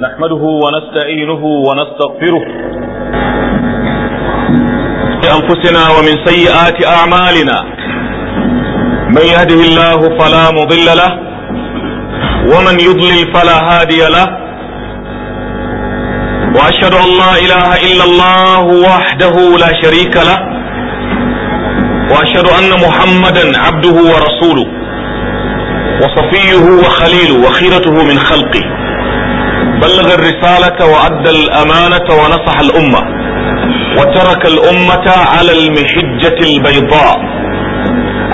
نحمده ونستعينه ونستغفره لأنفسنا ومن سيئات أعمالنا من يهده الله فلا مضل له ومن يضلل فلا هادي له وأشهد أن لا إله إلا الله وحده لا شريك له وأشهد أن محمدا عبده ورسوله وصفيه وخليله وخيرته من خلقه بلغ الرسالة وأدى الأمانة ونصح الأمة وترك الأمة على المحجة البيضاء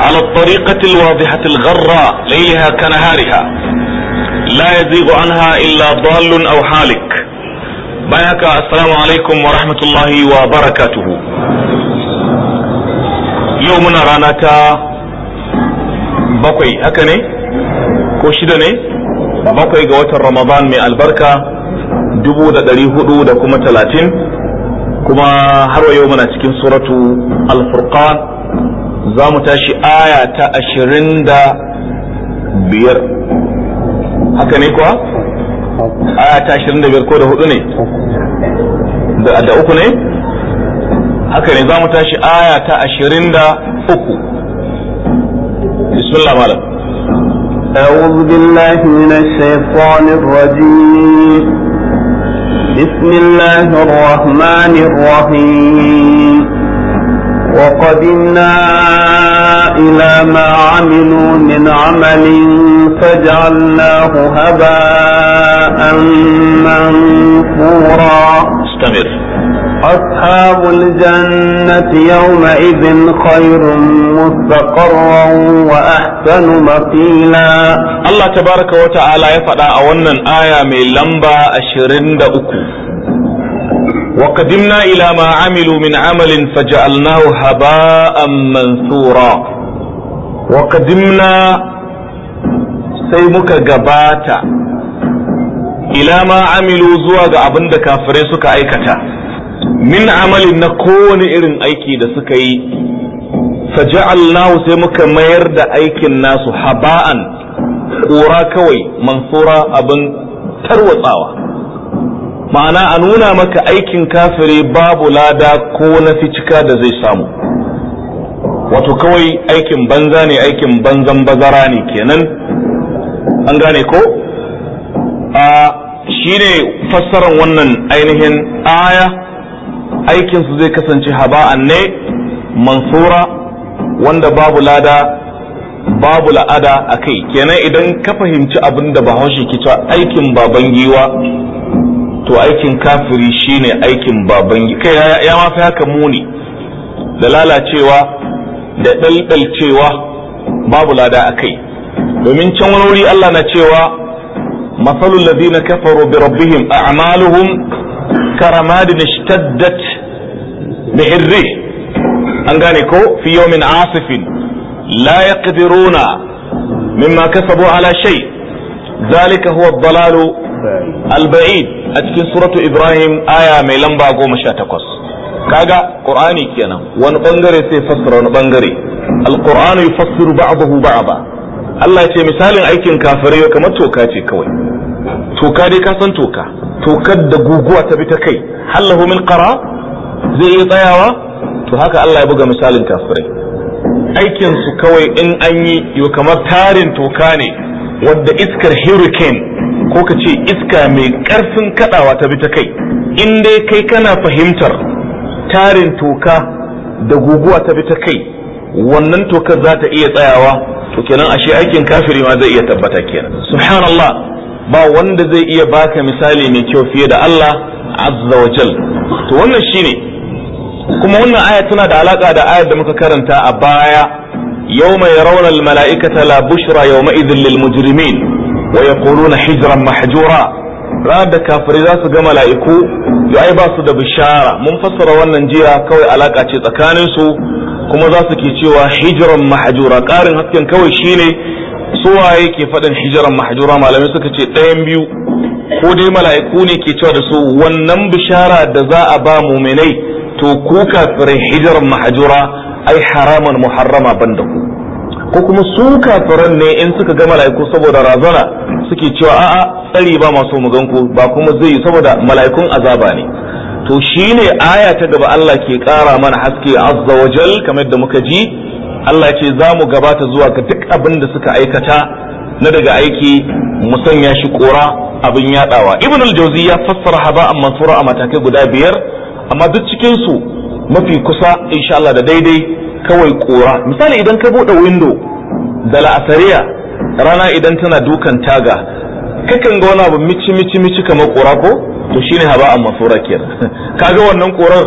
على الطريقة الواضحة الغراء ليلها كنهارها لا يزيغ عنها إلا ضال أو حالك بياك السلام عليكم ورحمة الله وبركاته يومنا رانتا بقي أكني كوشدني bakwai ga watan ramadan mai albarka dubu da ɗari hudu da kuma talatin kuma har yau muna cikin suratu alfurqan za mu tashi aya ta ashirin da biyar haka ne kuwa aya ta ashirin da biyar ko da hudu ne da uku ne haka ne za mu tashi aya ta ashirin da uku bismillah malam أعوذ بالله من الشيطان الرجيم بسم الله الرحمن الرحيم وقدمنا إلى ما عملوا من عمل فجعلناه هباء منثورا استمر أصحاب الجنة يومئذ خير مستقرا وأحسن مقيلا الله تبارك وتعالى يفعل أولا آية من لمبا أشرين دأكو وقدمنا إلى ما عملوا من عمل فجعلناه هباء منثورا وقدمنا سيمك قباتا إلى ما عملوا زواج عبندك فريسك أيكتا min amali na kowane irin aiki da suka yi faja'alnahu sai muka mayar da aikin nasu haba'an ƙura kawai mansura abin tarwatsawa ma'ana a nuna maka aikin kafiri babu lada ko na cika da zai samu wato kawai aikin banza ne aikin banzan bazara ne kenan an gane ko a shi ne fassarar wannan ainihin aya aikinsu zai kasance haba ne mansura wanda babu lada babu la'ada a kai kenan idan ka fahimci abin da bahaushe ke cewa aikin baban giwa to aikin kafiri shine aikin baban giwa kai ya ma fi haka muni da lalacewa da ɗalɗalcewa babu lada a kai domin can wani wuri Allah na cewa masalul ladina kafaru bi rabbihim a'maluhum karamadin ishtaddat da an gane ko fi min asifin la yaqdiruna mimma kasabu ala shay zalika huwa Dalalu. alba'id al-ba'id a cikin suratu ibrahim aya mai lamba goma sha takwas kaga qur'ani kenan wani bangare sai fassara wani bangare al-qur'anu yufassiru ba'dahu ba'da Allah ya ce misalin aikin kafirai kamar toka ce kawai toka dai ka san toka tokar da guguwa ta bi ta kai hallahu min qara zai iya tsayawa to haka Allah ya buga misalin kafirai aikin su kawai in an yi yau kamar tarin toka ne wadda iskar hurricane ko ka ce iska mai karfin kadawa ta bi ta kai in dai kai kana fahimtar tarin toka da guguwa ta bi ta kai wannan tokar za ta iya tsayawa to kenan ashe aikin kafiri ma zai iya tabbata kenan subhanallah ba wanda zai iya baka misali mai kyau fiye da Allah azza wajal to wannan shine kuma wannan aya tana da alaka da ayar da muka karanta a baya yawma yarawna al mala'ikata la bushra yawma idhil lil mujrimin wa yaquluna hijran mahjura ranar da kafari za su ga mala'iku ai ba su da bishara mun fassara wannan jiya kawai alaka ce tsakanin su kuma za su ke cewa hijran mahjura karin hasken kawai shine suwaye ke faɗin hijran mahjura malamai suka ce ɗayan biyu ko dai mala'iku ne ke cewa da su wannan bishara da za a ba muminai to ku kafirin hijira mahajura ai haramun muharrama ban da ku ko kuma su kafiran ne in suka ga mala'iku saboda razana suke cewa a'a tsari ba masu muganku ganku ba kuma zai yi saboda mala'ikun azaba ne to shine aya ta gaba Allah ke kara mana haske azza wajal kamar da muka ji Allah ce za mu gabata zuwa ga duk abin da suka aikata na daga aiki mu sanya shi kora abin yadawa ibnul jauzi jawzi ya fassara haba amma sura a matakai guda biyar amma duk cikin su mafi kusa insha Allah da daidai kawai kora misali idan ka bude window da la'asariya rana idan tana dukan taga kakan ga wani abu mici mici mici kamar kora ko to shine haba amma sura kenan kaga wannan koran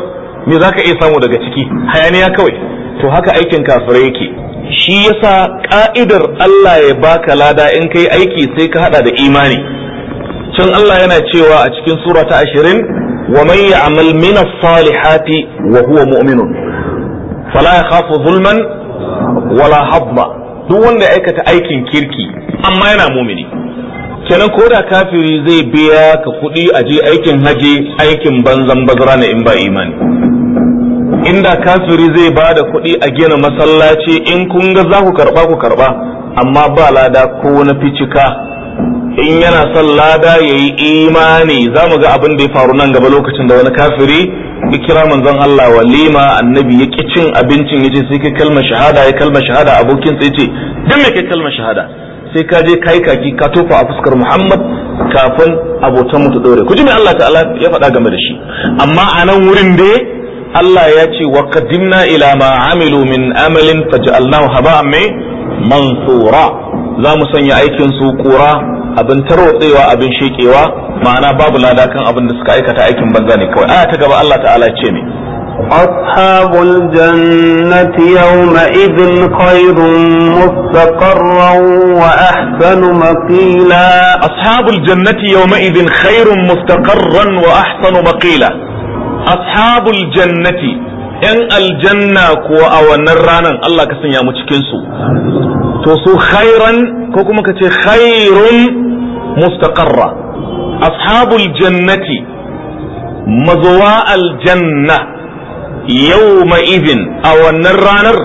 me zaka iya samu daga ciki hayaniya kawai to haka aikin kafirai yake shi yasa ka'idar Allah ya baka lada in kai aiki sai ka hada da imani can Allah yana cewa a cikin sura ta ashirin ومن يعمل من الصالحات وهو مؤمن فلا يخاف ظلما ولا هضما duk wanda aikata aikin kirki amma yana mumini kenan ko da kafiri zai biya ka kuɗi a je aikin haji aikin banzan bazara na in ba imani inda kafiri zai ba da kuɗi a gina masallaci in kun ga za ku karɓa ku karɓa amma ba lada ko na ficika in yana son lada ya yi imani za mu ga abin da ya faru nan gaba lokacin da wani kafiri ya kira manzon Allah walima annabi ya ki cin abincin ya ce sai kai kalmar shahada ya kalma shahada abokin sai ce duk me kai kalmar shahada sai ka je kai kaki ka tofa a fuskar Muhammad kafin abotan mu ta dore ku ji me Allah ta'ala ya faɗa game da shi amma a nan wurin da Allah ya ce wa qadimna ila ma amilu min amalin faj'alnahu haba'an mansura za mu sanya aikin su kura abin tarwatsewa abin shekewa ma'ana babu lada kan abin da suka aikata aikin banza ne kawai aya ta gaba Allah ta'ala ce me أصحاب الجنة يومئذ خير مستقرا وأحسن مقيلا أصحاب الجنة يومئذ خير مستقرا وأحسن مقيلا أصحاب الجنة 'yan aljanna kuwa a wannan ranar Allah ka sanya mu cikinsu to su khairan ko kuma ka ce khairun mustaqarra ashabul jannati mazuwa aljanna yawma idin a wannan ranar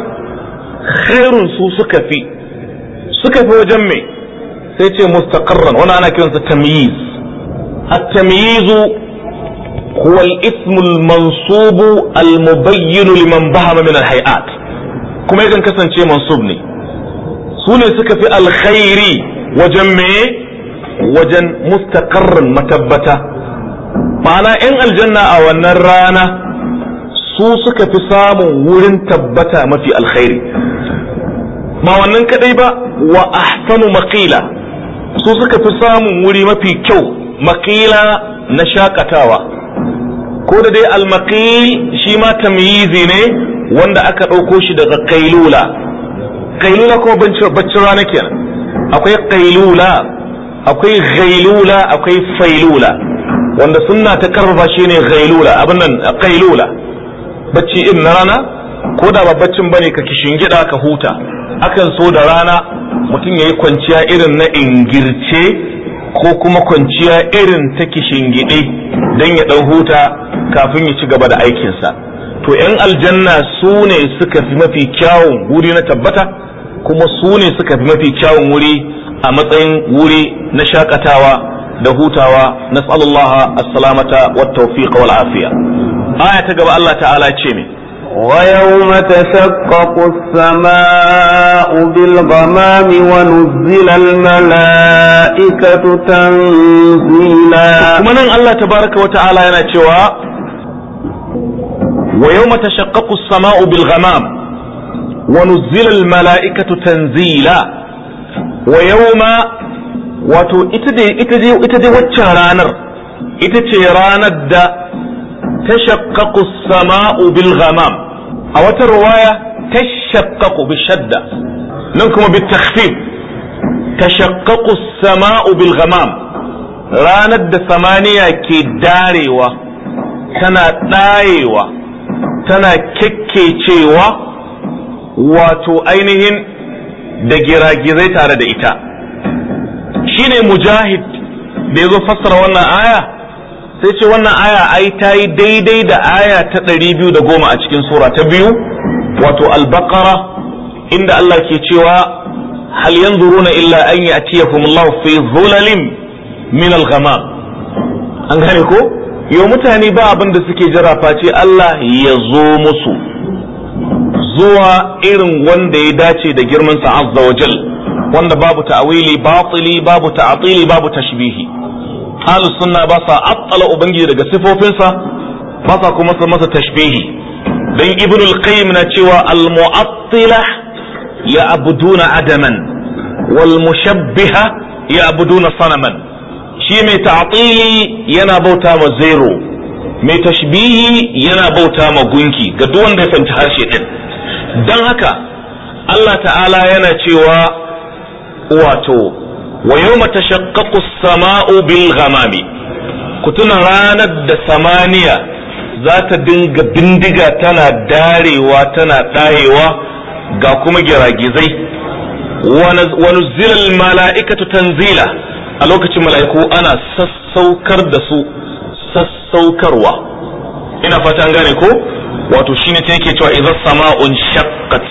khairun su suka fi suka fi wajen me sai ce mustaqarran wani ana kiransa tamyiz at-tamyizu هو الاسم المنصوب المبين لمن بهم من الهيئات كما يكن كسن شيء منصوب ني سوني سكا في الخير وجن وجن مستقر متبتة معنى ان الجنة او النرانة su suka fi samun wurin tabbata mafi alkhairi ba wannan kadai ba wa ahsanu maqila su suka fi samun wuri mafi kyau maqila na shakatawa ko da dai almaqil shi ma tamyizi ne wanda aka ɗauko shi daga kailula kailula kuma baccin rana kenan akwai kailula akwai ghailula akwai failula wanda sunna ta karfafa shi ne ghailula abin nan kailula bacci in na rana ko da ba baccin bane ka gida ka huta akan so da rana mutum yayi kwanciya irin na ingirce ko kuma kwanciya irin ta gide don ya ɗan huta kafin ya ci gaba da aikinsa to 'yan aljanna su ne suka fi mafi kyawun wuri na tabbata kuma su ne suka fi mafi kyawun wuri a matsayin wuri na shakatawa da hutawa nas'alullaha a salamata wa tawfiq wal afiya aya ta gaba Allah ta'ala ce mai ويوم تشقق السماء بالغمام ونزل الملائكة تنزيلا ومن الله تبارك وتعالى ينتشوا ويوم تشقق السماء بالغمام ونزل الملائكة تنزيلا ويوم وتو اتدي اتدي اتدي واتشارانر ita dai tashaqqaqu as-sama'u a wata riwaya tashaqqaqu bi nan kuma bi takhfif tashaqqaqu as-sama'u bil ranar da samaniya ke darewa tana ɗayewa tana kekkecewa wato ainihin da giragirai tare da ita Shi ne mujahid da ya zo fassara wannan aya sai ce wannan aya ai ta yi daidai da aya ta ɗari biyu da goma a cikin sura ta biyu wato albakara inda Allah ke cewa hal yanzuruna illa an ya'tiyahum Allah fi zulalin min al-ghamam an gane ko yau mutane ba abin da suke jira face Allah ya zo musu zuwa irin wanda ya dace da girman sa azza wanda babu ta'wili batili babu ta'tili babu tashbihi ahlu sunna ba sa atsala ubangiji daga sifofinsa ba sa kuma sa masa tashbihi dan ibn al-qayyim na cewa al-mu'attila ya'buduna adaman wal mushabbiha ya'buduna sanaman shi mai ta'tili yana bauta ma zero mai tashbihi yana bauta ma gunki ga duk wanda ya fahimci harshe din dan haka Allah ta'ala yana cewa wato wa yawma tashaqqaqu as-sama'u bil ghamami ranar da samaniya za ta dinga bindiga tana darewa tana ɗayewa ga kuma giragizai wa nuzila al-mala'ikatu tanzila a lokacin mala'iku ana sassaukar da su sassaukarwa ina fata an gane ko wato shine ta yake cewa idan sama'un shaqqat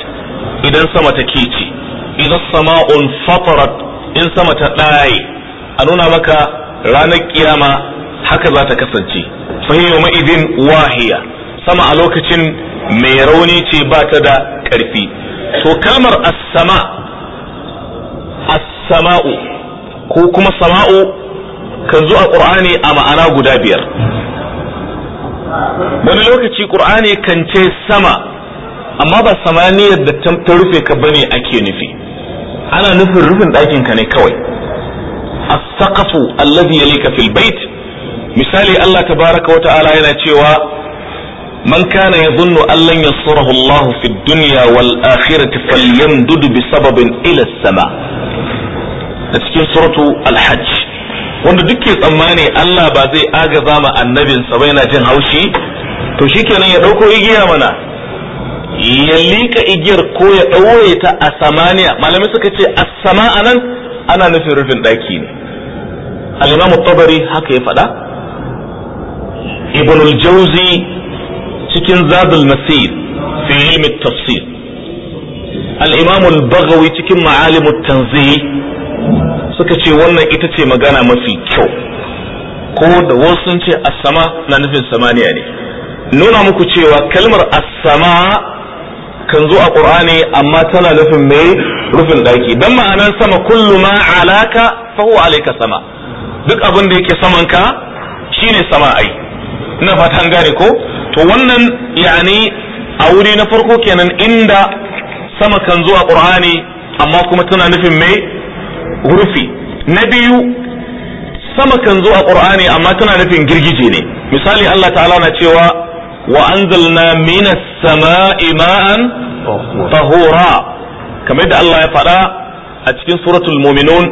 idan sama ta kici idan sama'un fatarat in sama ta ɗaye a nuna maka ranar kiyama haka za ta kasance fahimu ma'izin wahiya sama a lokacin mai rauni ce ba ta da ƙarfi to kamar as-sama as-sama'u ko kuma sama'u kan zo a ƙur'ani a ma'ana guda biyar wani lokaci ƙur'ani kan ce sama amma ba samaniyar da ta rufe ka bane ake nufi ana nufin rufin ɗakin ka ne kawai as-saqafu alladhi yalika fil bait misali Allah tabaraka wa ta'ala yana cewa man kana yadhunnu an lan yasurahu Allah fid dunya wal akhirati falyamdud bi sababin ila as-sama a cikin suratu al-hajj wanda duke tsammani Allah ba zai agaza ma annabinsa ba yana jin haushi to shikenan ya dauko igiya mana ya liƙa igiyar ko ya ɗauyeta ta a samaniya malamai suka ce a sama anan ana nufin rufin ɗaki ne al tabari haka ya faɗa ibn al-jawzi cikin zadul nasir fi ilmi tafsir al imam al-baghawi cikin ma'alimu tanzih suka ce wannan ita ce magana mafi kyau ko da wasu sun ce as-sama na nufin samaniya ne nuna muku cewa kalmar as-sama kan zo a qur'ani amma tana nufin me rufin daki dan ma'anan sama kullu ma alaka fa huwa alayka sama duk abin da yake saman ka shine sama ai ina fatan gane ko to wannan yani a wuri na farko kenan inda sama kan zo a qur'ani amma kuma tana nufin me rufi na biyu sama kan zo a qur'ani amma tana nufin girgije ne misali Allah ta'ala na cewa وأنزلنا من السماء ماء طهورا كما يدعى الله يفعل أتكين سورة المؤمنون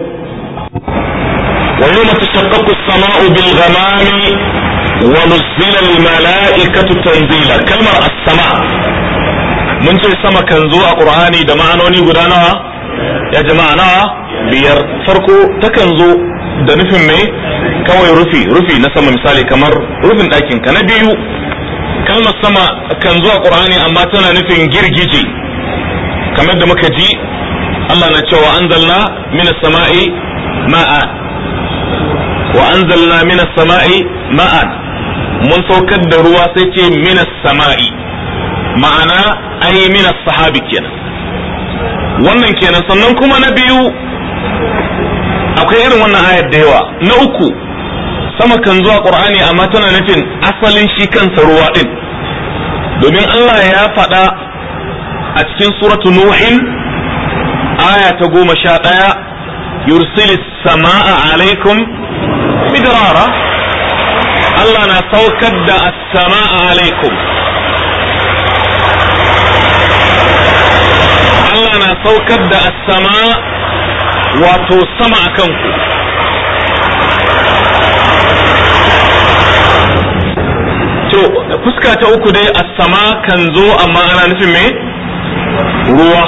ويوم تشقق السماء بالغمام ونزل الملائكة تنزيلا كلمة السماء من شيء سما كنزوء قرآني دمعنا ونقولنا يا جماعة biyar farko تكنزو zo da nufin mai kawai rufi rufi na sama misali kamar rufin kalmar sama kan zuwa ƙur'ani amma tana nufin girgije kamar da muka ji Allah na cewa anzalna min samai ma'a wa anzalna min samai ma'a mun saukar da ruwa sai ce min samai ma'ana ai min sahabi kenan wannan kenan sannan kuma na biyu akwai irin wannan ayar da yawa na uku sama kan zuwa qur'ani amma tana nufin asalin shi kansa ruwa din domin Allah ya faɗa a cikin suratu nuhin aya ta goma sha ɗaya yursilis sama'a alaikum midrara Allah na saukar da as-sama'a alaikum Allah na saukar da as-sama wato sama a kanku. to fuska ta uku dai a sama kan zo amma ana nufin me ruwa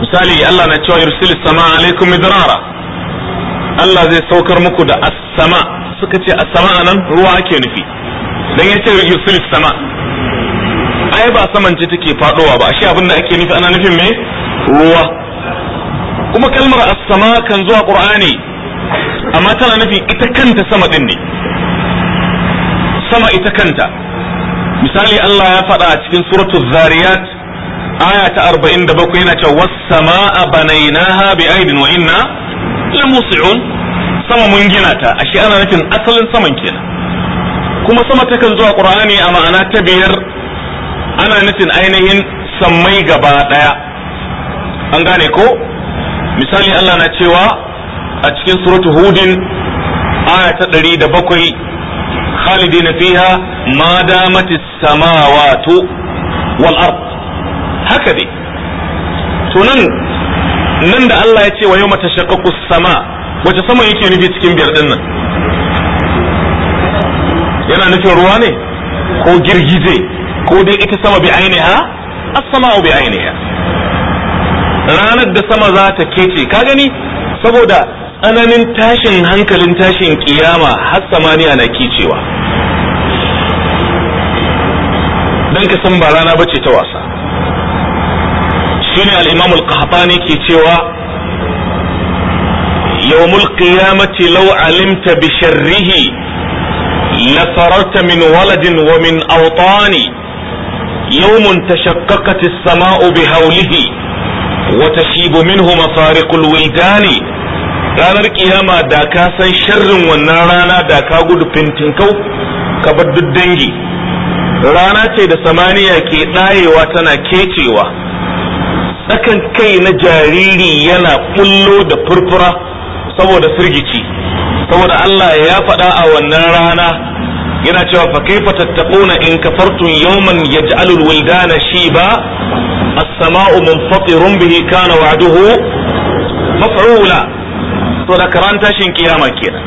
misali Allah na cewa yursilis sama alaikum midrara Allah zai saukar muku da as-sama suka ce as-sama nan ruwa ake nufi dan yace yursilis sama ai ba saman ce take fadowa ba ashe abin da ake nufi ana nufin me ruwa kuma kalmar as-sama kan zo a Qur'ani amma tana nufin ita kanta sama din ne sama ita kanta misali Allah ya faɗa a cikin suratul zariyat aya ta 47 yana cewa was samaa banainaha bi aidin wa inna musi'un sama mun gina ta ashe ana nufin asalin saman kenan kuma sama ta kan zuwa qur'ani a ma'ana ta biyar ana nufin ainihin sammai gaba daya an gane ko misali Allah na cewa a cikin suratul hudin aya ta 107 khalidina fiha ma damat as-samawati wal haka ne. to nan nan da Allah ya ce wa yau tashaqqaqu as-sama wace sama yake nufi cikin biyar ɗin nan yana nufin ruwa ne ko girgije ko dai ita sama bi ainiha as-sama'u bi ranar da sama za ta kece ka gani saboda tsananin tashin hankalin tashin ƙiyama har samaniya na kicewa don ka san ba rana bace ta wasa shine al'imamul qahtani ke cewa yawmul qiyamati law alimta bi sharrihi la sararta min waladin wa min awtani yawmun tashaqqaqat as-sama'u bi haulihi. wa tashibu minhu masariqul wildani ranar kiyama da ka san sharrin wannan rana da ka gudu fintinkau ka bar duk dangi rana ce da samaniya ke ɗayewa tana kecewa tsakan kai na jariri yana kullo da furfura saboda firgici saboda Allah ya faɗa a wannan rana yana cewa fa kaifa tattaquna in kafartum yawman yaj'alul wildana shiba as-sama'u munfatirun bihi kana wa'duhu maf'ula to da karan tashin kiyama kenan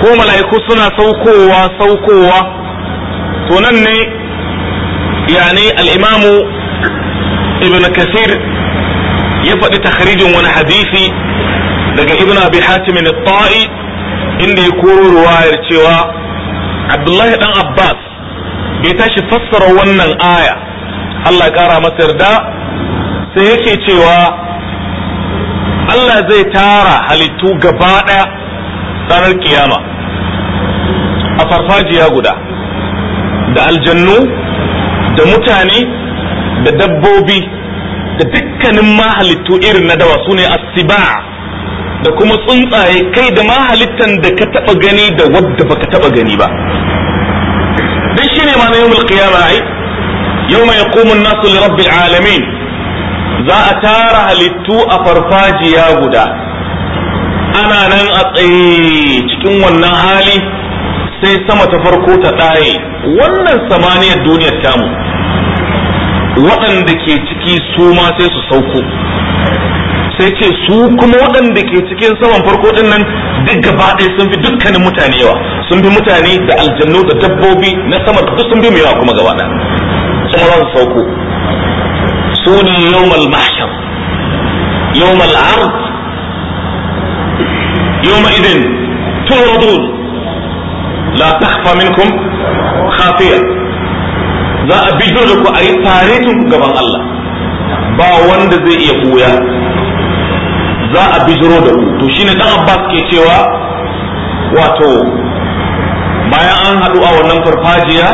ko mala'iku suna saukowa saukowa to nan ne yani al'imamu ibn kasir ya faɗi takharijin wani hadisi daga ibn abi hatim ta'i inda ya koro ruwayar cewa abdullahi dan abbas bai tashi fassara wannan aya Allah ya kara masa yarda sai yake cewa Allah zai tara halittu gaba ɗaya ranar kiyama a farfajiya guda da aljannu da mutane da dabbobi da dukkanin mahalittu irin na dawa su ne asiba da kuma tsuntsaye kai da ma halittan da ka taba gani da wadda baka taba gani ba dan shine ma na yawmul qiyamah ai yawma yaqumu an-nasu li rabbil alamin za a tara halittu a farfajiya guda ana nan a tsaye cikin wannan hali sai sama ta farko ta ɗaye wannan samaniyar duniyar tamu waɗanda ke ciki su ma sai su sauko sai ce su kuma waɗanda ke cikin saman farko ɗin nan duk gaba ɗaya sun fi dukkanin mutane yawa sun fi mutane da aljannu da dabbobi na sama duk sun fi mu yawa kuma gaba ɗaya sauko يأتوني يوم المحشر يوم العرض يومئذ تعرضون لا تخفى منكم خافية za a bijo da ku a yi faretin gaban Allah ba wanda zai iya koya za a bijiro da ku to shine dan Abbas ke cewa wato bayan an haɗu a wannan farfajiya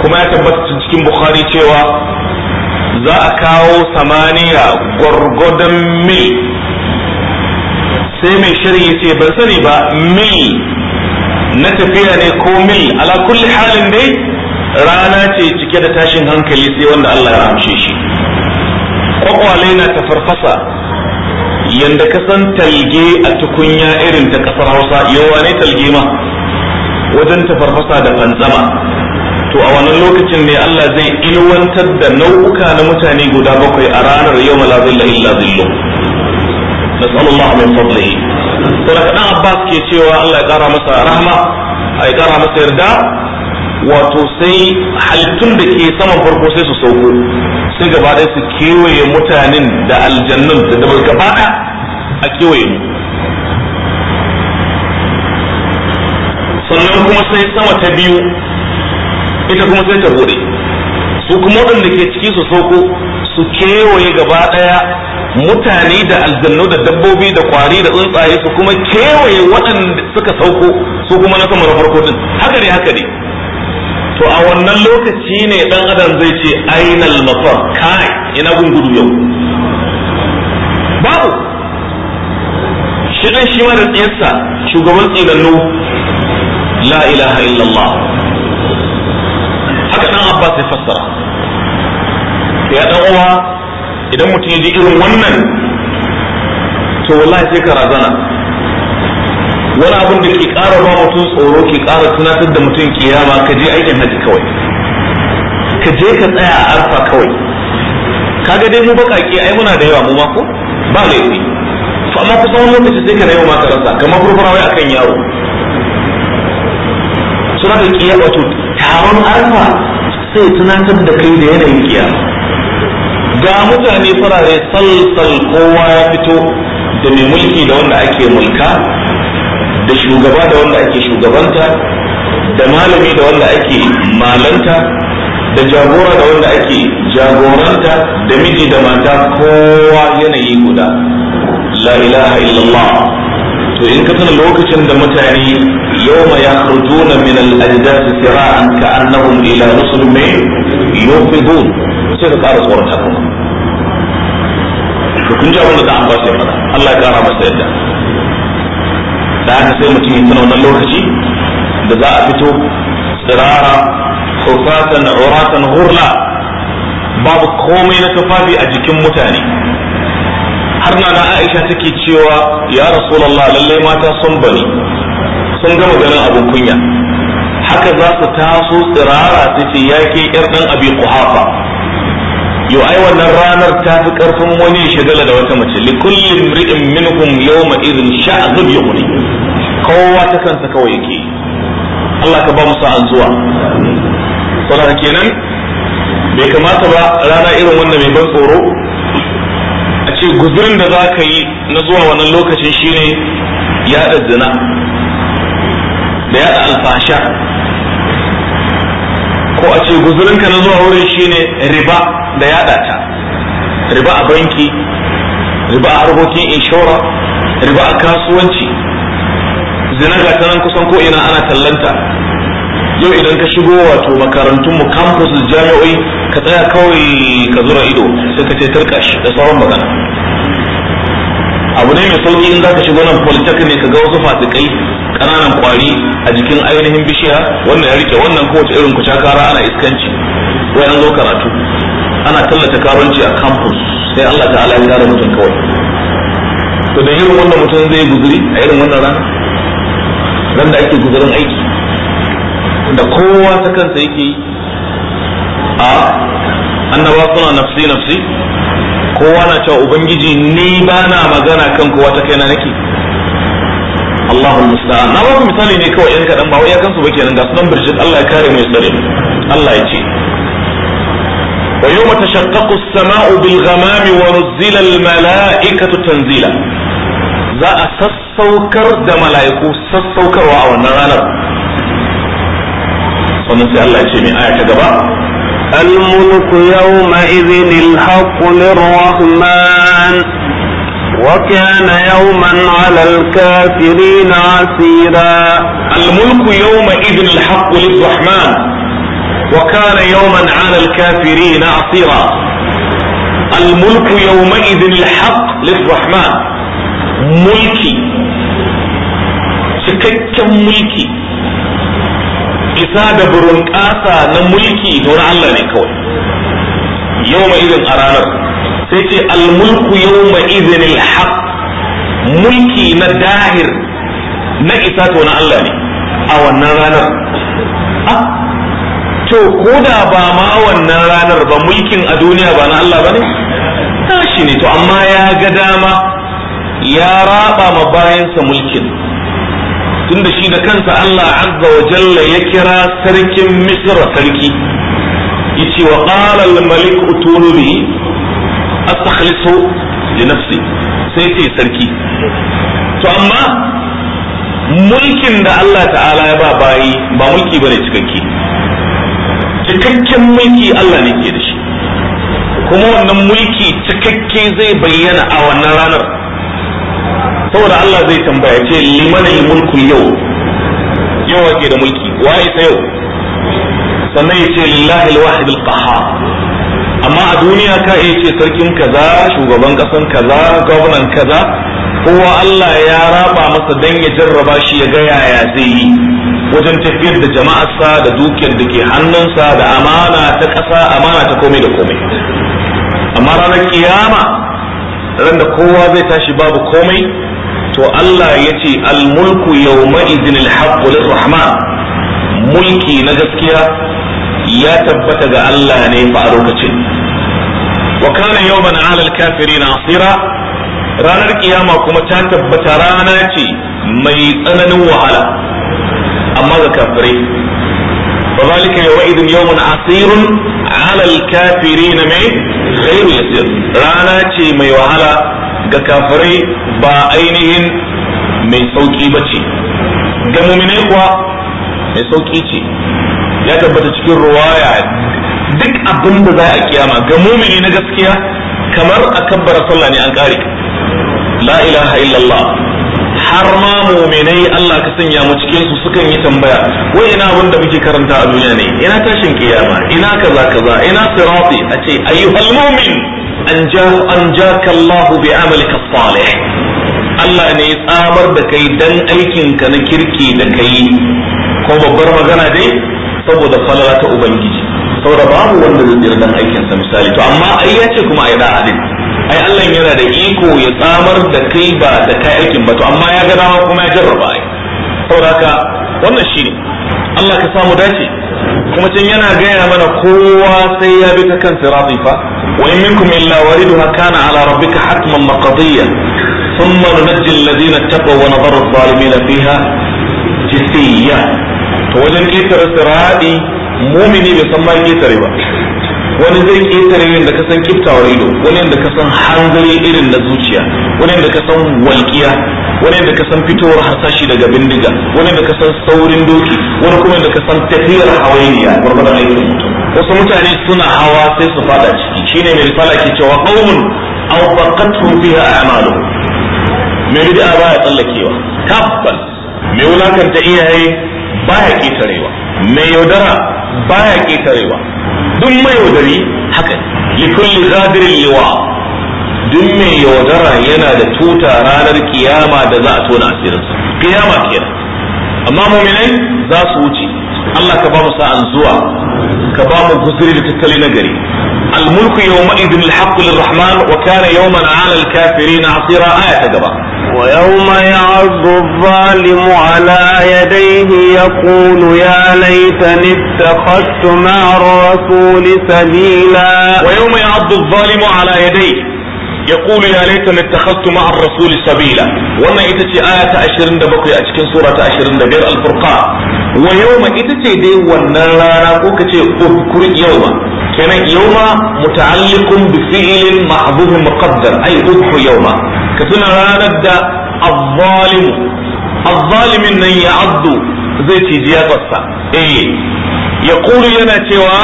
kuma ya tabbata cikin Bukhari cewa za a kawo samaniya gwargwadon mil sai mai shari'i ce ban sani ba mil na tafiya ne ko mil ala kulli halin dai rana ce cike da tashin hankali sai wanda Allah ya amshe shi kwakwale na ta farfasa yanda ka san talge a tukunya irin ta kasar Hausa yawa ne talge ma wajen ta farfasa da fantsama to a wannan lokacin ne Allah zai ilwantar da nau'uka na mutane guda bakwai a ranar yau la zilla illa na nasallallahu min fadlihi to da kaɗan Abbas ke cewa Allah ya kara masa rahma ya ƙara masa yarda wato sai halittun da ke saman farko sai su sauko sai gaba ɗaya su kewaye mutanen da aljannun da dabar gaba a kewaye mu sannan kuma sai sama ta biyu ita kuma sai ta bude su kuma waɗanda ke ciki su sauko, su kewaye gaba ɗaya mutane da aljannu da dabbobi da kwari da tsuntsaye su kuma kewaye waɗanda suka sauko su kuma na sama da farko din haka ne haka ne to a wannan lokaci ne ɗan adam zai ce ainal mafar kai ina gun gudu yau babu shi dan shi mara tsayarsa shugaban tsinannu la ilaha illallah ibn abbas ya fassara ya dan uwa idan mutum ya ji irin wannan to wallahi sai ka razana wani abin da ke ƙara ba mutum tsoro ke ƙara tunatar da mutum kiyama ka je aikin haji kawai ka je ka tsaya a arfa kawai kaga dai mu baƙaƙe ai muna da yawa mu mako ba laifi to amma kusan wani lokaci sai ka na yau ma ka rasa kamar wai akan yaro suna da kiyama to taron arfa sai tunatar da kai da yanayin kiyama ga mutane farare salsal kowa ya fito da mai mulki da wanda ake mulka da shugaba da wanda ake shugabanta da malami da wanda ake malanta da jagora da wanda ake jagoranta da miji da mata kowa yanayi guda la ilaha illallah to in ka tana lokacin da mutane yawma yakhrujuna min al-ajdath sira'an ka'annahum ila rusulin yufidun sai ka fara tsorata kuma to kun ji abin da ta ambata ya fada Allah ya kara masa yadda da haka sai mutum ya tana wannan lokaci da za a fito sirara hufatan uratan hurla babu komai na tufafi a jikin mutane har na na Aisha take cewa ya Rasulullah lallai mata sun bani sun gama ganin abin kunya haka za su taso tsirara ta ce ya ke yar dan abi kuhafa yau ai wannan ranar ta fi karfin wani shagala da wata mace li kulli imri'in minhum yawma idhin sha'zab yughni kowa ta kanta kawai yake Allah ka ba mu sa'an zuwa saboda kenan bai kamata ba rana irin wannan mai ban tsoro a ce guzurin da za ka yi na zuwa wannan lokacin shine yaɗa zina da yaɗa alfasha ko a ce guzurinka na zuwa wurin shine riba da yada ta riba a banki riba a harkokin inshora riba a kasuwanci zina ga nan kusan ko ina ana tallanta yau idan ka shigo wato makarantunmu campus jami'o'i ka tsaya kawai ka zura ido sai ka ce turka shi da sauran magana abu ne mai sauki in za ka shigo nan polytechnic ka ga wasu fasikai kananan kwari a jikin ainihin bishiya wannan ya rike wannan kowace irin ku kara ana iskanci wai an zo karatu ana tallata karanci a campus sai Allah ta'ala ya gara mutum kawai to da irin wannan mutum zai guzuri a irin wannan ran nan da ake guzurin aiki da kowa ta kansa yake yi annabawa suna nafsi nafsi kowa na cewa ubangiji ni ba na magana kan kowa ta kaina nake Allahu musta'an na ba misali ne kawai yan kadan ba wai ya kansu ba kenan ga sunan birjin Allah ya kare mu ya tsare Allah ya ce wa yawma tashaqqaqu as-sama'u bil ghamami wa nuzila al mala'ikatu tanzila za a sassaukar da mala'iku sassaukarwa a wannan ranar sannan sai Allah ya ce mai aya ta gaba الملك يومئذ الحق للرحمن وكان يوما على الكافرين عسيرا الملك يومئذ الحق للرحمن وكان يوما على الكافرين عسيرا الملك يومئذ الحق للرحمن ملكي سكت ملكي isa da burin ƙasa na mulki na Allah ne kawai yau ma izin a ranar sai ce almulku yau ma izin alhaq mulki na dahir na isa to na Allah ne a wannan ranar to ko da ba ma wannan ranar ba mulkin a duniya ba na Allah ba ne tashi ne to amma ya ga dama ya raba ma bayansa mulkin tunda shi da kansa Allah azza wa jalla ya kira sarkin misra sarki yace wa qala al-malik utuni astakhlisu li nafsi sai ce sarki to amma mulkin da Allah ta'ala ya ba bayi ba mulki bane cikakke cikakken mulki Allah ne ke da shi kuma wannan mulki cikakke zai bayyana a wannan ranar saboda Allah zai tambaya ce liman mulkul yau yau ke da mulki wa isa yau sannan ya ce lillahi alwahid alqahhar amma a duniya ka iya ce sarkin kaza shugaban kasan kaza gwamnan kaza kowa Allah ya raba masa dan ya jarraba shi ya ga yaya zai yi wajen tafiyar da jama'arsa da dukiyar da ke hannunsa da amana ta ƙasa amana ta komai da komai amma ranar kiyama ran da kowa zai tashi babu komai to Allah ya ce almulku yawma idin alhaqqu lirrahman mulki na gaskiya ya tabbata ga Allah ne fa a lokacin wa kana yawman 'ala alkafirin asira ranar kiyama kuma ta tabbata rana ce mai tsananin wahala amma ga kafirai فذلك يومئذ يوم عسير على الكافرين من غير يسير رانا ce mai wahala ga kafirai ba ainihin mai sauki ba ce ga kuwa mai sauki ce ya tabbata cikin ruwaya duk abinda za a kiyama ga mumini na gaskiya kamar a kabbara sallah ne an kare la ilaha illallah har ma muminai Allah ka sanya mu cikin su sukan yi tambaya wai ina abin da muke karanta a duniya ne ina tashin kiyama ina kaza kaza ina sirati a ce ayyuhal mumin an ja an Allah bi amalika salih Allah ne tsamar da kai dan aikin ka na kirki da kai ko babbar magana dai saboda falala ta ubangiji saboda babu wanda zai dan aikin sa misali to amma ai ya ce kuma ai da din ai Allah yana da iko ya tsamar da kai ba da kai aikin ba to amma ya ga dama kuma ya jarraba ai saboda haka wannan shine Allah ka samu dace kuma can yana gaya mana kowa sai ya bi ta kan sirati fa wa in minkum illa wariduha kana ala rabbika hatman maqdiya thumma nunajji alladhina ittaqaw wa nadharu adh-dhalimina fiha jithiya to wajen kitar sirati mumini bai san ma kitare ba wani zai ƙetare yadda ka san kiftawar ido wani yadda ka san hanzari irin na zuciya wani yadda ka san walƙiya wani yadda ka san fitowar hasashi daga bindiga wani yadda ka san saurin doki wani kuma yadda ka san tafiyar hawainiya gwargwadon aikin mutum wasu mutane suna hawa sai su fada ciki shine mai risala ke cewa qaumun aw faqatuhum fiha a'malu mai bid'a ba ya tsallakewa tabbas mai wulakanta iyaye ba ya ƙetarewa. mai yaudara baya ƙetarewa. duk mai yaudari haka kulli gadirin liwa duk mai yaudara yana da tuta ranar kiyama da za a tona asirinsa kiyama kenan amma muminai za su wuce Allah ka ba mu sa'an zuwa ka ba mu guzuri da tattali na gari الملك يومئذ الحق للرحمن وكان يوما على الكافرين عصيرا آية جبا ويوم يعض الظالم على يديه يقول يا ليتني اتخذت مع الرسول سبيلا ويوم يعض الظالم على يديه يقول يا ليتني اتخذت مع الرسول سبيلا وما ita آية عشرين ta 27 سورة عشرين دبير ta wa yawma ita ce dai wannan rana ko kace uzkur yawma kenan yawma muta'alliqun bi fi'lin ma'dhuf muqaddar ay uzkur yawma ka tuna ranar da az-zalim az-zalimin nan ya'addu zai ci jiyatarsa eh yaqulu yana cewa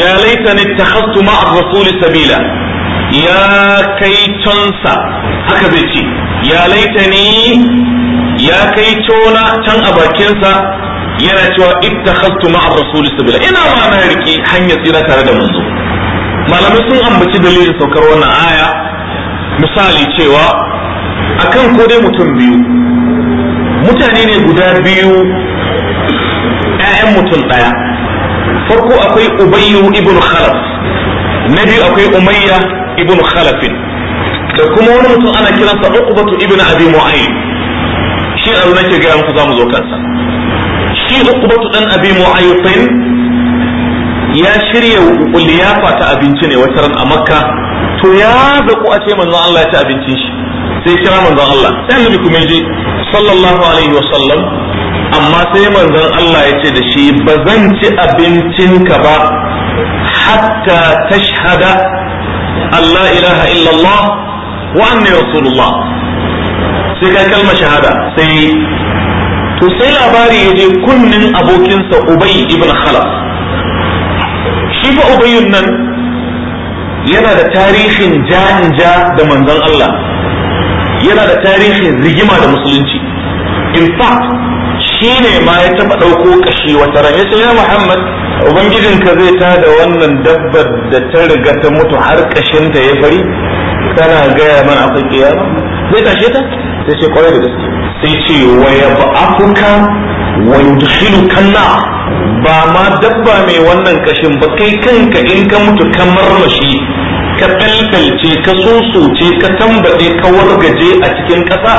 ya laitani ittakhadtu ma'a ar-rasuli sabila ya kai cansa haka zai ce ya laitani ya kai cona can a bakinsa yana cewa ittakhadtu ma'a rasul sabila ina ma na riki hanya tsira tare da manzo malamai sun ambaci dalilin saukar wannan aya misali cewa akan ko dai mutum biyu mutane ne guda biyu ƴaƴan mutum ɗaya farko akwai ubayyu ibn khalaf na biyu akwai umayya ibn khalafin da kuma wani mutum ana kiransa uqbatu ibn abi mu'ayyib shi a nake ga za zamu zo kansa shi ukubatu dan abi mu'aytin ya shirya liyafa ta abinci ne wata ran a makka to ya zaku a ce manzon Allah ya ci abincin shi sai kira manzon Allah sai annabi kuma je sallallahu alaihi wa sallam amma sai manzon Allah ya ce da shi ba zan ci ka ba hatta tashhada Allah ilaha illallah wa anni rasulullah sai kai kalmar shahada sai to sai labari ya je kunnin abokinsa ubay ibn khalaf shi fa ubayun nan yana da tarihin janja da manzon Allah yana da tarihin rigima da musulunci in fact shi ne ma ya taɓa ɗauko ƙashi wata ran sai ya Muhammad ubangijinka zai ta da wannan dabbar da ta riga ta mutu har ƙashinta ya fari kana gaya mana akwai kiyama zai tashe ta sai ce kwarai da gaske sai ce wa yab'akuka wa yudkhiluka nar ba ma dabba mai wannan kashin ba kai kanka in ka mutu kamar mashi ka ɗalɗalce ka sosoce ka tambaɗe ka wargaje a cikin ƙasa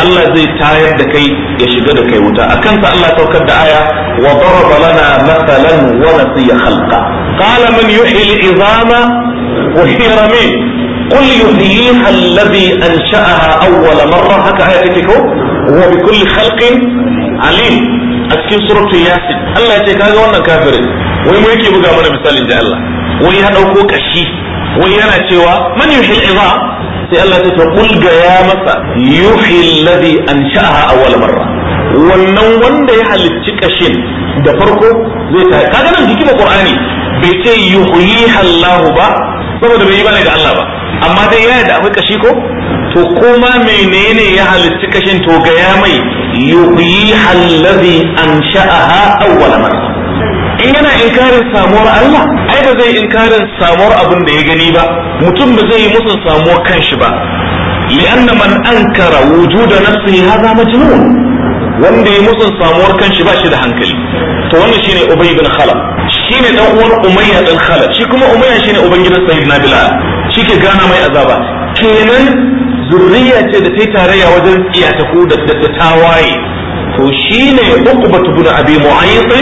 Allah zai tayar da kai ya shiga da kai wuta akan sa Allah saukar da aya wa daraba lana masalan wa nasiya khalqa qala man yuhyi al-izama wa hiya قل يحييها الذي أنشأها أول مرة هكا آية تكو هو بكل خلق عليم أسكين سورة ياسين الله يتكا هذا وانا كافر ويمويكي بقى من مثال إن الله ويهد أوكوك الشيء ويانا تيوا من يحيي العظام سي الله تقول يا مسا يحيي الذي أنشأها أول مرة wannan wanda ya halicci kashin da farko zai ta kaga nan hikima qur'ani bai ce yuhyiha Allah ba saboda bai yi bane da Allah ba amma dai yana da akwai kashi ko to kuma menene ya halitta kashin to ga ya mai yuhyi allazi ansha'aha awwala marra in yana inkarin samuwar Allah ai ba zai inkarin samuwar abin da ya gani ba mutum ba zai yi musu samuwar kanshi ba لأن من أنكر وجود نفسه هذا مجنون wanda ya musun samuwar kanshi ba shi da hankali to wannan shine ubay bin khalaf shine dan uwan umayya dan khalaf shi kuma umayya shine ubangidan sayyidina bilal shi ke gana mai azaba kenan zurriya ce da ta tarayya wajen iyataku da da tawaye to shine uqbatu bin abi mu'ayyid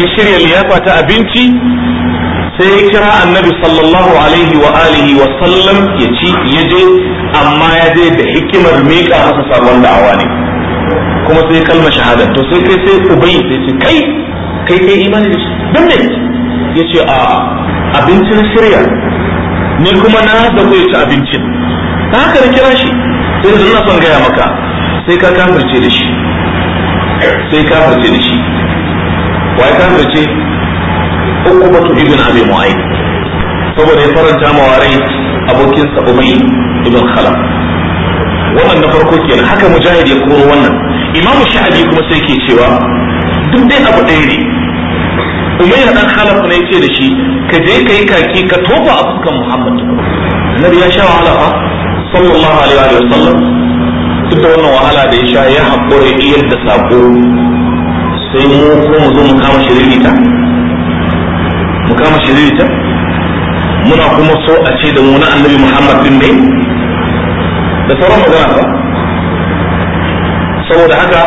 ya shirya liyafa ta abinci sai ya kira annabi sallallahu alaihi wa alihi wa sallam ya ci ya je amma ya je da hikimar miƙa masa sabon da'awa ne kuma sai kalma shahada to sai kai sai ubai sai ce kai kai kai imani da shi dan ne yace a abincin shirya ni kuma na da ci abincin ta haka da kira shi sai da na son gaya maka sai ka kafirce da shi sai kafirce da shi wai kafirce uku batu ibn abi mu'ayyid saboda ya faranta ma warai abokin sa umay ibn khalaf wannan na farko kenan haka mujahid ya koro wannan imamu sha'abi kuma sai ke cewa duk dai abu ɗaya ne umayya dan khalaf ne yace da shi ka je kai kaki ka tofa a fuskan muhammad annabi ya sha wahala fa sallallahu alaihi wa sallam duk da wannan wahala da ya sha ya haƙura iyar da sako sai mu ko mu zo mu kama shiririta mu kama shiririta muna kuma so a ce da mu na annabi muhammad din ne da sauran magana ba saboda haka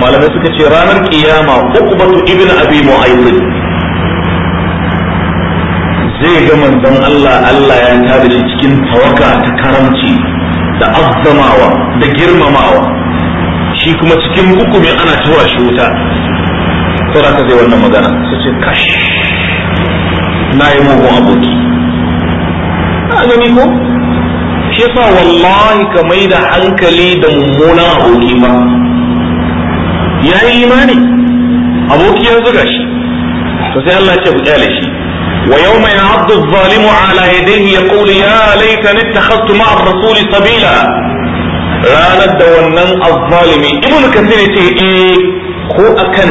malamai suka ce ranar kiyama ukubatu ibn abi mu'ayyid zai ga manzon Allah Allah ya tada shi cikin tawaka ta karamci da azzamawa da girmamawa shi kuma cikin hukumi ana tura shi wuta sai aka zai wannan magana su ce kash na yi mugun aboki a gani ko shi yasa wallahi ka mai da hankali da mummunan aboki ba ya yi imani abokiyar ya zuga shi to sai Allah ya ce ku shi wa mai na abdu zalimu ala yadayhi yaqulu ya laitani ittakhadtu ma'a ar-rasuli sabila ranar da wannan azzalimi ibnu kathir ce eh ko akan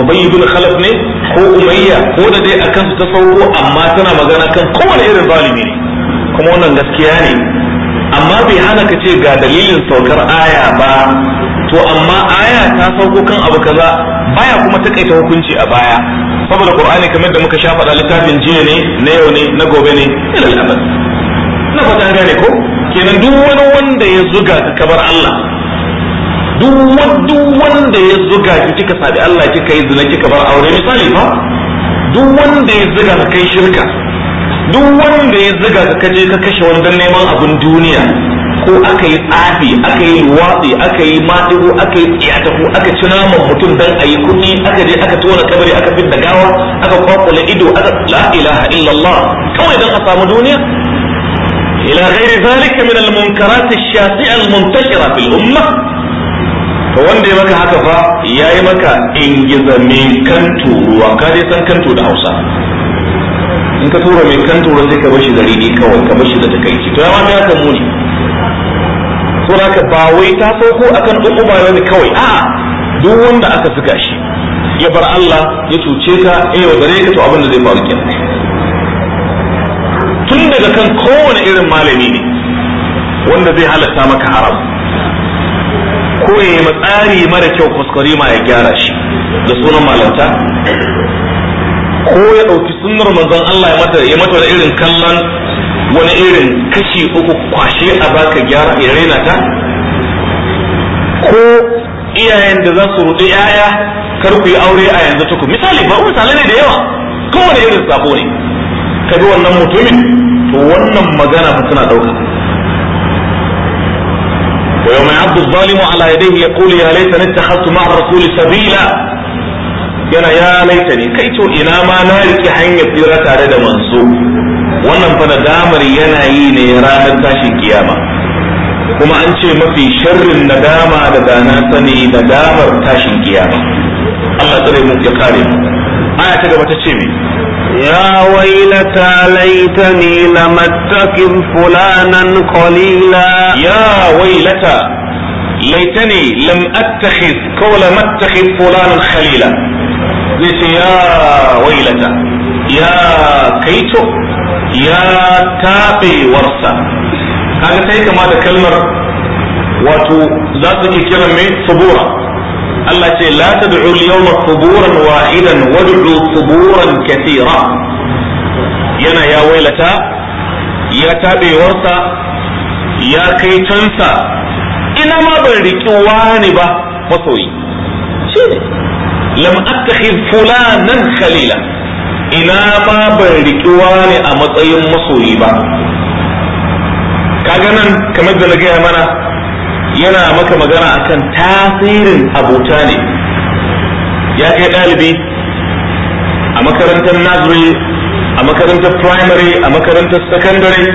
ubay ibn khalaf ne ko umayya ko da dai akan su ta sauko amma tana magana kan kowane irin zalimi ne kuma wannan gaskiya ne amma bai hana ka ce ga dalilin saukar aya ba to amma aya ta sauko kan abu kaza baya kuma kaita hukunci a baya saboda qur'ani kamar da muka sha faɗa littafin jiya ne na yau ne na gobe ne ilal abad na fata gane ko kenan duk wani wanda ya zuga ka kabar Allah duk wanda ya zuga ki kika sabi Allah kika yi zina kika bar aure misali fa duk wanda ya zuga ka kai shirka duk wanda ya zuga ka kaje ka kashe wani neman abun duniya ko aka yi tsafi aka yi watsi aka yi matsiro aka yi tsiyataku aka ci naman mutum dan a yi kuɗi aka je aka tona kabari aka fidda gawa aka kwakwale ido aka la ilaha illallah kawai dan a samu duniya ila ghairi zalika min al-munkarat ash-shati'a al-muntashira fil umma to wanda ya maka haka fa yayi maka ingiza min kanto ruwa ka dai san kanto da Hausa in ka tura mai kanto tura sai ka bashi gari ne kawai ka bashi da takaici to ya ma ya kan muni saboda ba wai ta sauko akan hukuma ne kawai a'a duk wanda aka saka shi ya bar Allah ya cuce ka eh wa gare ka to abin da zai faru kenan tun daga kan kowane irin malami ne wanda zai halatta maka haram ko ya yi matsari mara kyau kuskure ma ya gyara shi da sunan malanta ko ya ɗauki sunnar manzon Allah ya mata ya mata irin kallon wani irin kashi uku kwashe a baka gyara ya ta ko iyayen da za su rudu yaya kar ku yi aure a yanzu tuku misali ba misalai ne da yawa kowane irin sabo ne ka bi wannan mutumin to wannan magana suna ɗauka. dauka wa yawma yabdu zalimu ala yadayhi ya laitani ittakhadtu ma'a ar-rasul sabila yana ya laitani kai to ina ma na riki hanyar tsira tare da manzo wannan fa nadamar yana yi ne ranar tashin kiyama kuma an ce mafi sharrin nadama da dana sani nadamar tashin kiyama Allah tsare mu ya kare mu aya ta gaba ta ce me ya ويلتى laitani lamattakin fulanan qalila ya يا laitani lam attakhiz qawla mattakhiz fulanan khalila فلانا zai ce ya wailata ya kaito ya taɓewarsa kaga ta yi kama da kalmar wato za su ke kiran mai subura Allah ce la tad'u al-yawma suburan wahidan wad'u suburan kathira yana ya wailata ya taɓewarsa ya kai tansa ina ma ban riki wani ba masoyi shi ne lam attakhidh fulanan khalila ina ma ban riƙi ne a matsayin masoyi ba kaga nan kamar da na gaya mana yana maka magana akan tasirin abota ne ya kai ɗalibi a makarantar nazari a makarantar primary a makarantar secondary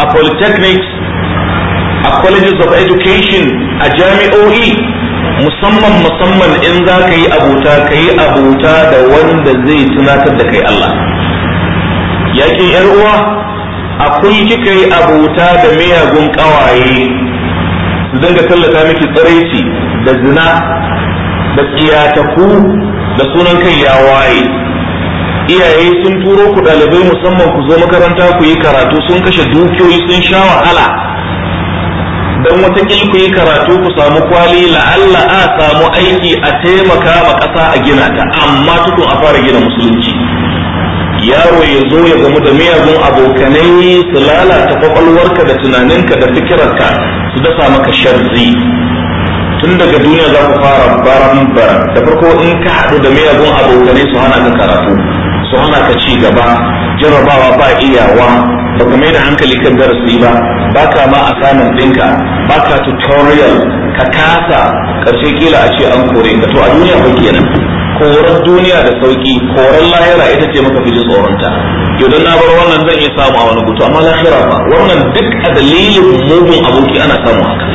a polytechnics a colleges of education a jami'o'i musamman musamman in za ka yi abota ka yi abota da wanda zai tunatar da kai Allah yakin yar uwa akwai kika yi abota da miyagun kawaye su dinga tallata miki tsaraici da zina da tsiyataku da sunan kai ya waye iyaye sun turo ku ɗalibai musamman ku zo makaranta ku yi karatu sun kashe dukiyoyi sun sha wahala dan wata ku yi karatu ku samu kwali la'alla a samu aiki a taimaka ma ƙasa a gina ta amma tukun a fara gina musulunci yaro ya zo ya gamu da miyagun abokanai su lalata kwakwalwarka da tunaninka da fikirarka su dasa maka sharzi tun daga duniya za ku fara baran baran da farko in ka haɗu da miyagun abokanai su hana ka karatu su hana ka ci gaba jarabawa ba iyawa ba ka mai da hankali kan darasi ba ba ka ma samun ɗinka ba ka tutorial ka kasa ƙarshe kila a ce an kore ka to a duniya ba kenan koran duniya da sauki koran lahira ita ce maka fijin tsoronta idan na bar wannan zan iya samu a wani gutu amma lahira ba wannan duk a dalilin mugun aboki ana samu haka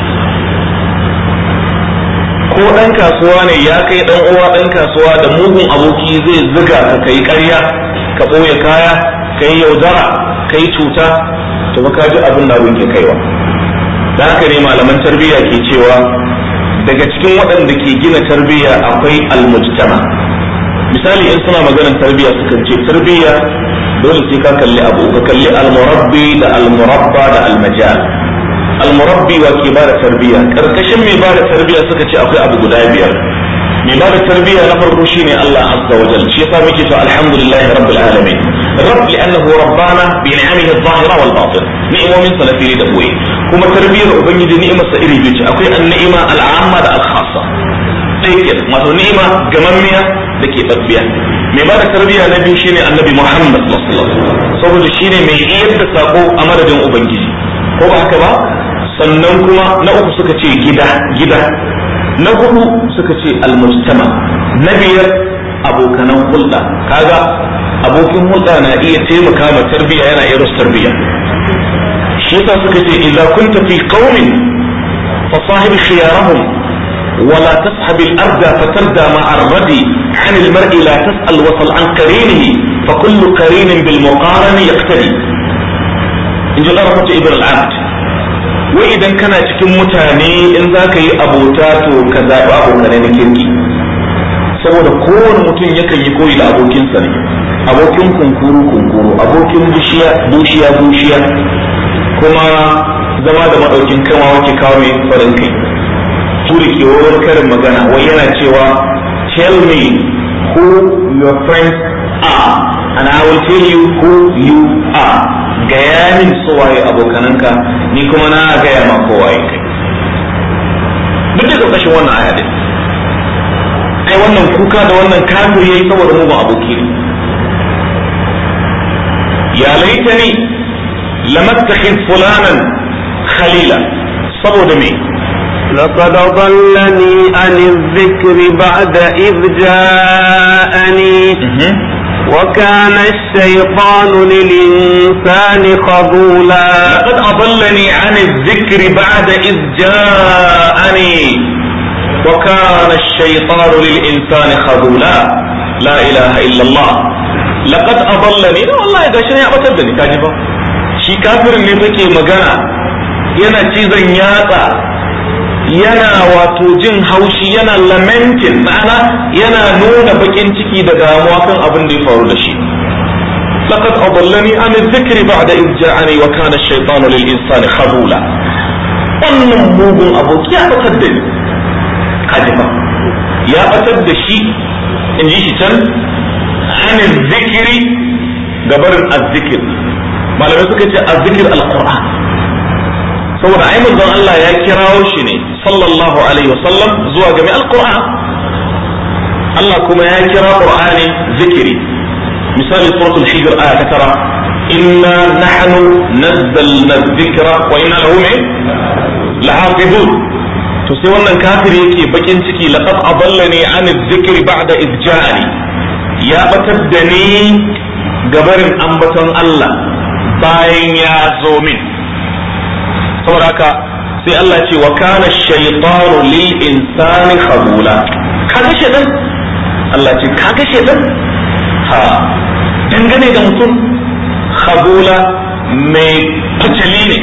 ko ɗan kasuwa ne ya kai ɗan uwa ɗan kasuwa da mugun aboki zai zuga ka kai karya? ka ɓoye kaya ka yi yaudara ka yi cuta to ka ji abin da abin ke kaiwa da haka ne malaman tarbiyya ke cewa daga cikin waɗanda ke gina tarbiyya akwai almujtama misali in suna maganar tarbiyya sukan ce tarbiyya dole sai ka kalli abu ka kalli almurabbi da almurabba da almajal almurabbi wa ke bada tarbiyya karkashin mai bada tarbiyya suka ce akwai abu guda biyar mai ba da tarbiyya na farko shine Allah azza wa jalla shi yasa muke cewa alhamdulillah rabbil alamin rabb li'annahu rabbana bi ni'amihi adh-dhahira wal batin ni'imomin salafi da boye kuma tarbiyyar ubangiji ni'imar iri biyu akwai an-ni'ima al-amma da al-khassa sai ke wato ni'ima gamammiya da ke tabbiya mai ba tarbiyya na biyu shine annabi Muhammad sallallahu alaihi saboda shine mai iyar da sako a madadin ubangiji ko ba haka ba sannan kuma na uku suka ce gida gida na hudu suka ce almujtama na biyar abokanan hulɗa kaga abokin hulɗa na iya taimaka ma tarbiyya yana iya rus tarbiyya shi yasa suka ce idza kunta fi qaumin fa sahib khiyarahum wa la tashab al-arda fa tarda ma ar-radi an al-mar'i la tas'al wa sal an qarinihi fa kullu qarin bil muqarani yaqtadi in ji Allah ibn al-abd wai idan kana cikin mutane in za ka yi abota to ka zaɓi abokanai na kirki saboda kowane mutum yakan yi koyi da abokinsa ne abokin kunkuru kunkuru abokin bushiya bushiya bushiya kuma zama da maɗaukin kama wake kawo mai farin kai turi kewar karin magana wai yana cewa tell me who your friends are and I will tell you who you are gayanin min suwaye abokananka ni kuma na gaya ma kowaye kai duk da ƙarƙashin wannan aya din ai wannan kuka da wannan kafir yayi saboda mu ba aboki ne ya laitani lamattakhid fulanan khalila saboda me لقد ضلني عن الذكر بعد إذ جاءني وكان الشيطان للإنسان خذولا لقد أضلني عن الذكر بعد إذ جاءني وكان الشيطان للإنسان خذولا لا إله إلا الله لقد أضلني لا والله إذا شنو يعبت الدنيا كاجبا شي كافر اللي فكي مقانا ينا شي yatsa yana wato jin haushi yana lamentin ma'ana yana nuna bakin ciki da damuwa kan abin da ya faru da shi laqad adallani an dhikri ba'da id ja'ani wa kana ash-shaytanu lil insani khadula wannan mugun aboki ya batar da ni kajifa ya batar da shi in ji shi can an dhikri gabarin az-zikr malamai suka ce az-zikr al-qur'an saboda ai manzon Allah ya kirawo shi ne sallallahu alaihi wasallam zuwa game alquran Allah kuma ya kira qur'ani zikiri misali suratul hijr aya ta tara inna nahnu nazzalna dhikra wa inna lahu lahafizun to sai wannan kafiri yake bakin ciki laqad adallani an dhikri ba'da izja'ani ya batar da ni gabarin ambaton Allah bayan ya zo min saboda haka sai Allah ce wa kana shaytanu lil insani khazula kaga shedan Allah ce kaga shedan ha dangane da mutum khazula mai fatali ne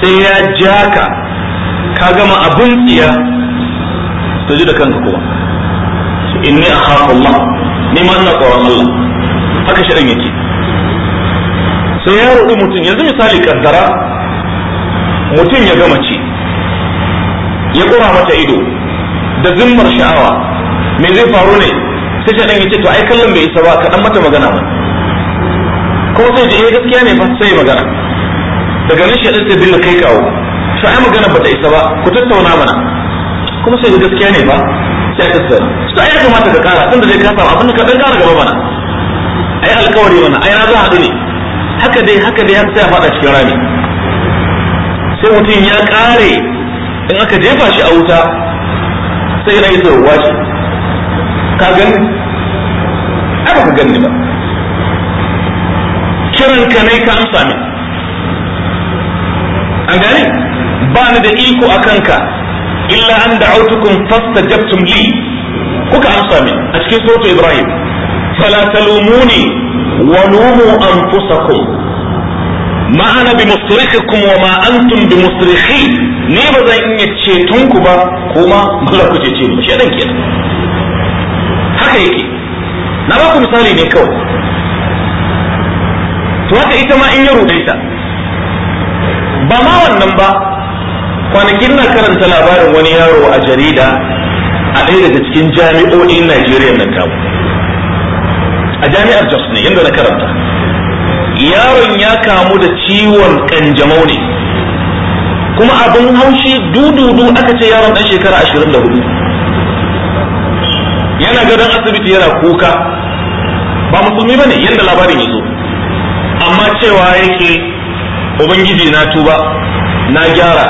sai ya jaka ka gama abun tsiya to ji da kanka kowa inni Allah ni ma ina tsoron Allah haka shedan yake sai ya rudi mutum yanzu misali kaddara mutum ya gama ce ya kura mata ido da zimmar sha'awa me zai faru ne sai shaɗan ya ce to ai kallon bai isa ba kaɗan mata magana ba kuma sai ji eh, gaskiya ne ba sai magana daga nan shaɗin sai dinga kai kawo Sai ai magana bata isa ba ku tattauna mana kuma sai gaskiya ne ba sai ka tsara Sai ai ya kamata ka kara tunda zai kasa abin da ka dan kara gaba mana ai alƙawari mana ai na za haɗu ne haka dai haka dai har sai a faɗa cikin rami sai mutum ya kare in aka jefa shi a wuta sai na isa ruwa shi ka gani ai ka gani ba kiran ka ne ka amsa min an gani ba ni da iko a kanka illa an da'autukum fastajabtum li kuka amsa min a cikin suratul ibrahim fala talumuni wa lumu anfusakum Ma'ana ana bi musrikhikum wa ma antum bi musrikhi ni ba zan iya ceton ku ba kuma Allah ku haka yake na ba ku misali ne kawai to haka ita ma in ya rude ta ba ma wannan ba kwanakin na karanta labarin wani yaro a jarida a ɗaya daga cikin jami'o'in Najeriya nan tamu a jami'ar Jos ne yadda na karanta yaron ya kamu da ciwon kanjamau ne kuma abin haushi dududu aka ce yaron dan shekara 24 yana gadon asibiti yana kuka ba musulmi ne, yadda labarin ya zo amma cewa yake ubangiji na tuba na gyara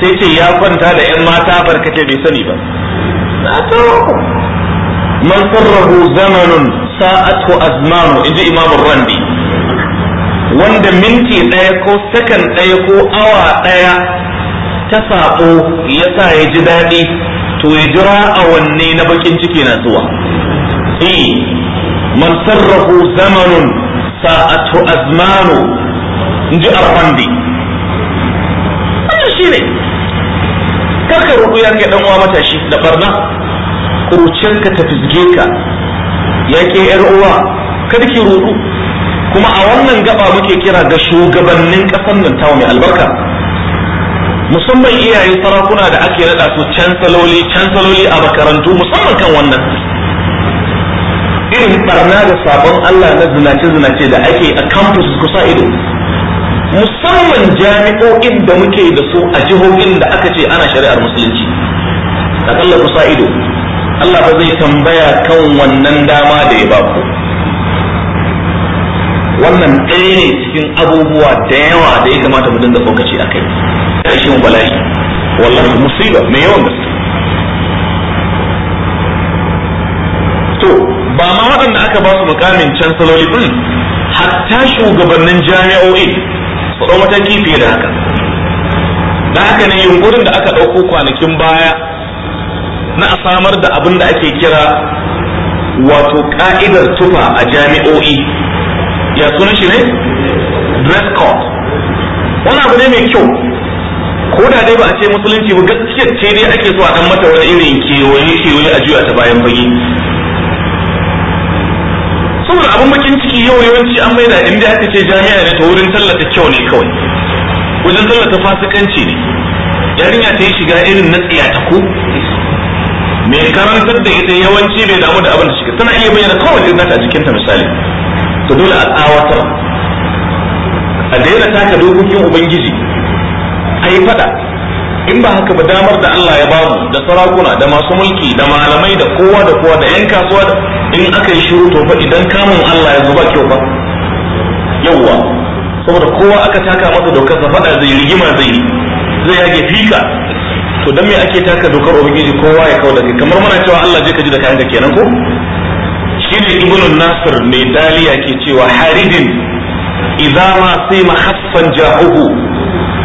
sai ce ya kwanta da yan mata barkace bai sani ba na to man sarrahu zamanun sa'atu azmanu inji imamul randi wanda minti ɗaya ko sakan ɗaya ko awa ɗaya ta saƙo ya sa ya ji daɗi to ya jira a wanne na bakin ciki na zuwa eh man sarrafu zamanun sa'atu azmanu inji arhandi shi ne karka rubu ya kai dan uwa matashi da barna kuruciyarka ta fizge ka ya ke yar uwa kada ki ruɗu. kuma a wannan gaba muke kira ga shugabannin ƙasar nan tawa mai albarka musamman iyaye sarakuna da ake naɗa su cansaloli cansaloli a makarantu musamman kan wannan irin barna da sabon Allah na zinace-zinace da ake a campus kusa ido musamman jami'o'in da muke da su a jihohin da aka ce ana shari'ar musulunci akalla kusa ido Allah ba zai tambaya kan wannan dama da ya ba ku wannan ɗaya ne cikin abubuwa da yawa da ya kamata mu dinga fokaci a kai ƙarshen bala'i wallahi musiba mai yawan gaske to ba ma waɗanda aka ba su mukamin cansaloli din hatta shugabannin jami'o'i su ɗau mataki fiye da haka da haka ne yunkurin da aka ɗauko kwanakin baya na a samar da abin da ake kira wato ka'idar tufa a jami'o'i ya sunan shi ne dress code wani abu ne mai kyau ko da dai ba a ce musulunci ba gaskiya ce dai ake so a dan mata wani irin kewaye kewaye a juya ta bayan fage saboda abin bakin ciki yau yawanci an da inda aka ce jami'a ne ta wurin tallata kyau ne kawai wajen tallata fasikanci ne yarinya ta yi shiga irin na tsiyata ko mai karantar da ita yawanci bai damu da abin da shiga tana iya bayyana kawai irin nata a jikinta misali to dole a tsawatar a daina taka dokokin ubangiji a yi fada in ba haka ba damar da Allah ya bamu da sarakuna da masu mulki da malamai da kowa da kowa da yan kasuwa in aka yi shiru to fa idan kamun Allah ya zuba kyau ba yawwa saboda kowa aka taka masa dokar sa fada zai rigima zai zai yage fika to dan me ake taka dokar ubangiji kowa ya kawo da kai kamar mana cewa Allah je ka ji da kayan ka kenan ko shine ibn nasir mai daliya ke cewa haridin idza ma sima haffan ja'uhu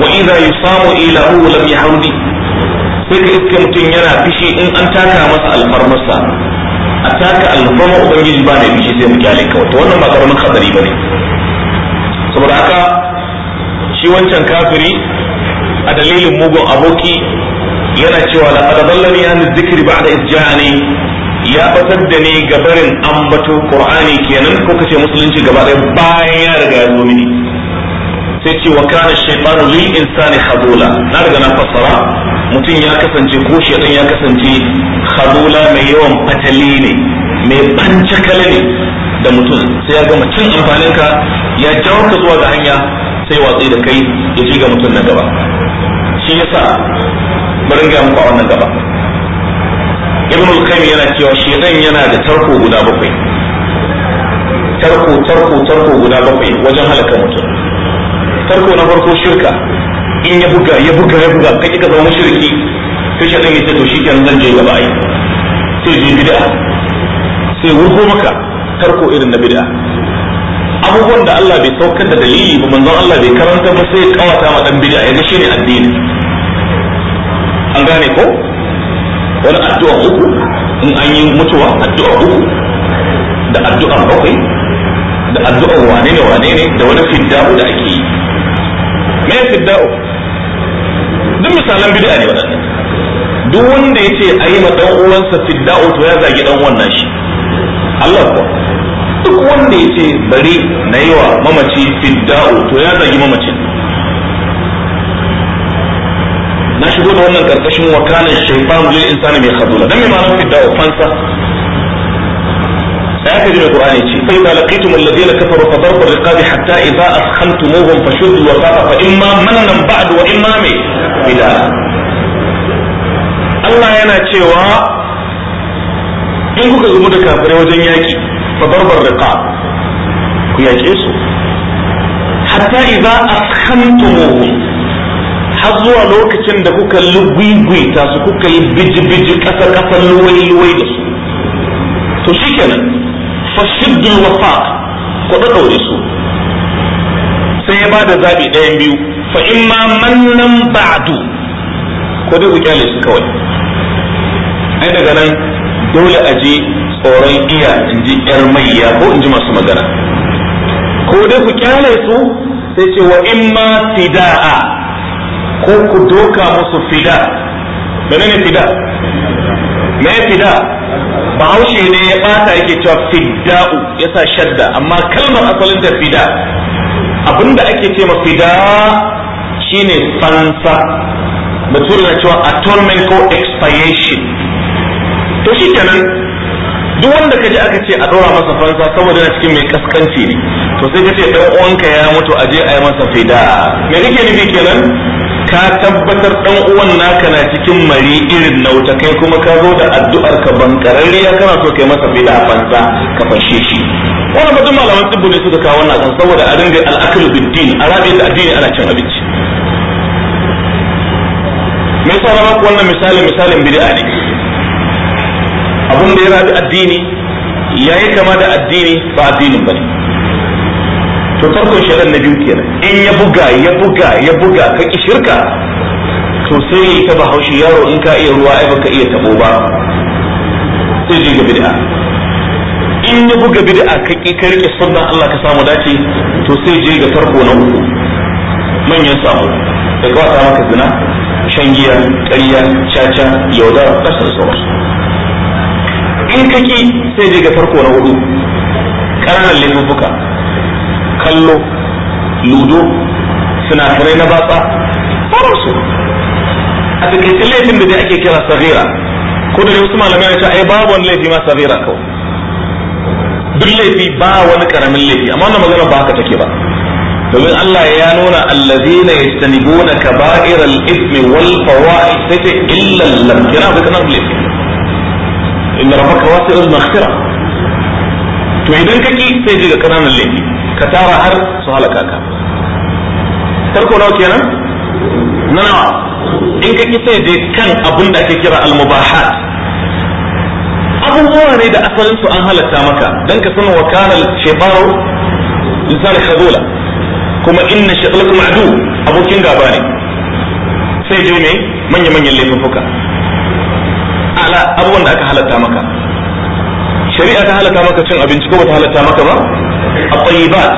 wa idza yusamu ilahu lam yahrudi sai ka iske mutum yana fishi in an taka masa alfarmasa a taka alfarma ubangiji ba ne fishi sai mu kyale kawai to wannan ba karamin hadari bane saboda haka shi wancan kafiri a dalilin mugun aboki yana cewa laqad dallani an dhikri ba'da idja'ani ya batar da ni gabarin ambato qur'ani kenan ko kace musulunci gaba ɗaya bayan ya riga ya zo mini sai ce wa kana shaytanu li insani khadula na riga na fasara mutum ya kasance ko shaytan ya kasance khadula mai yawan fatali ne mai bancakala ne da mutum sai ya gama cin amfanin ka ya jawo ka zuwa ga hanya sai watsi da kai ya ci ga mutum na gaba shi yasa bari ga mu a wannan gaba ibn al-qayyim yana cewa shedan yana da tarko guda bakwai tarko tarko tarko guda bakwai wajen halaka mutum tarko na farko shirka in ya buga ya buga ya buga kai ka zama shirki sai shedan ya ce to shikenan zan je gaba ai sai je bid'a sai wurgo maka tarko irin na bid'a abubuwan da Allah bai saukar da dalili ba manzon Allah bai karanta ba sai kawata ma dan bid'a yaga shine addini an gane ko wani addu'a uku in an yi mutuwa addu'a uku da addu'a bakwai da addu'a wane ne wane ne da wani fidda'u da ake yi me fidda'u duk misalan bid'a ne waɗannan duk wanda ya ce a yi ma ɗan uwansa fidda'u to ya zagi ɗan wannan shi Allah kuwa duk wanda ya ce bari na yi wa mamaci fidda'u to ya zagi mamacin na shigo da wannan karkashin wa kana shaytan lil insani mai khazula dan me ma nufi da fansa sai ka ji da qur'ani ce fa idza laqitum alladhina kafaru fa darbu riqab hatta idza askhantumuhum shuddu wa wasaqa fa imma mananan ba'd wa imma me bida Allah yana cewa in kuka zubu da kafirai wajen yaki fa darbu riqab ku yake su hatta idza askhantumuhum har zuwa lokacin da kuka lugwigwita su kuka yi biji-biji ƙasa ƙasa luwai-luwai da su to shikenan fashiddul wafa ku ɗaɗaure su sai ya ba da zaɓi ɗayan biyu fa imma mannan ba'du ko dai ku kyale su kawai ai daga nan dole a ji tsoron iya in ji ƴar mayya ko in ji masu magana ko dai ku kyale su sai ce wa imma fida'a ko ku doka musu fida ne fida me fida Ba bahaushe ne ya bata yake cewa fidda'u yasa shadda amma kalmar asalin da fida abinda ake ce ma fida shine fansa mutum na cewa atonement ko expiation to shi kenan duk wanda kaji aka ce a ɗora masa fansa saboda yana cikin mai kaskanci ne to sai kace dan uwanka ya mutu aje a yi masa fida me kake nufi kenan ka tabbatar dan uwan naka na cikin mari irin wuta kai kuma ka zo da addu'ar ka bankararriya kana so kai masa bila fansa ka fashe shi wannan batun malaman tibbu ne suka kawo wannan kan saboda a ringa al'aklu biddin a rabe da addini ana cin abinci me yasa ba ku wannan misali misalin bid'a ne abun da ya rabi addini yayi kama da addini ba addinin bane to farkon sharan na biyu kenan in ya buga ya buga ya buga ka ki shirka to sai yi ta bahaushe yaro in ka iya ruwa ai baka iya tabo ba sai ji ga bid'a in ya buga bid'a ka ki ka rike sunnan Allah ka samu dace to sai je ga farko na uku manyan samu da ta maka zina shan giya ƙarya caca yaudara kasar sauransu in kaki sai je ga farko na hudu ƙananan laifuffuka kallo ludo sinadarai na batsa sauransu a takaice laifin da dai ake kira sagira ko da wasu malamai na ce ai babu wani laifi ma sagira kawai duk laifi ba wani karamin laifi amma wannan magana ba haka take ba domin Allah ya nuna allazina yastanibuna kaba'iral ithmi wal fawahish sai illa lam kira ba kana laifi inna rabbaka wasi'ul maghfira to idan kake sai ga kananan laifi ka tara har su halaka ka tarko nawa kenan na nawa in ka ki sai dai kan abin da ake kira al-mubahat abubuwa ne da asalin su an halatta maka dan ka san wa kana shaytanu lisan khadula kuma inna shaytanakum adu abokin gaba ne sai je ne manya manyan laifuka ala abubuwan da aka halatta maka shari'a ta halatta maka cin abinci ko ba ta halatta maka ba at-tayyibat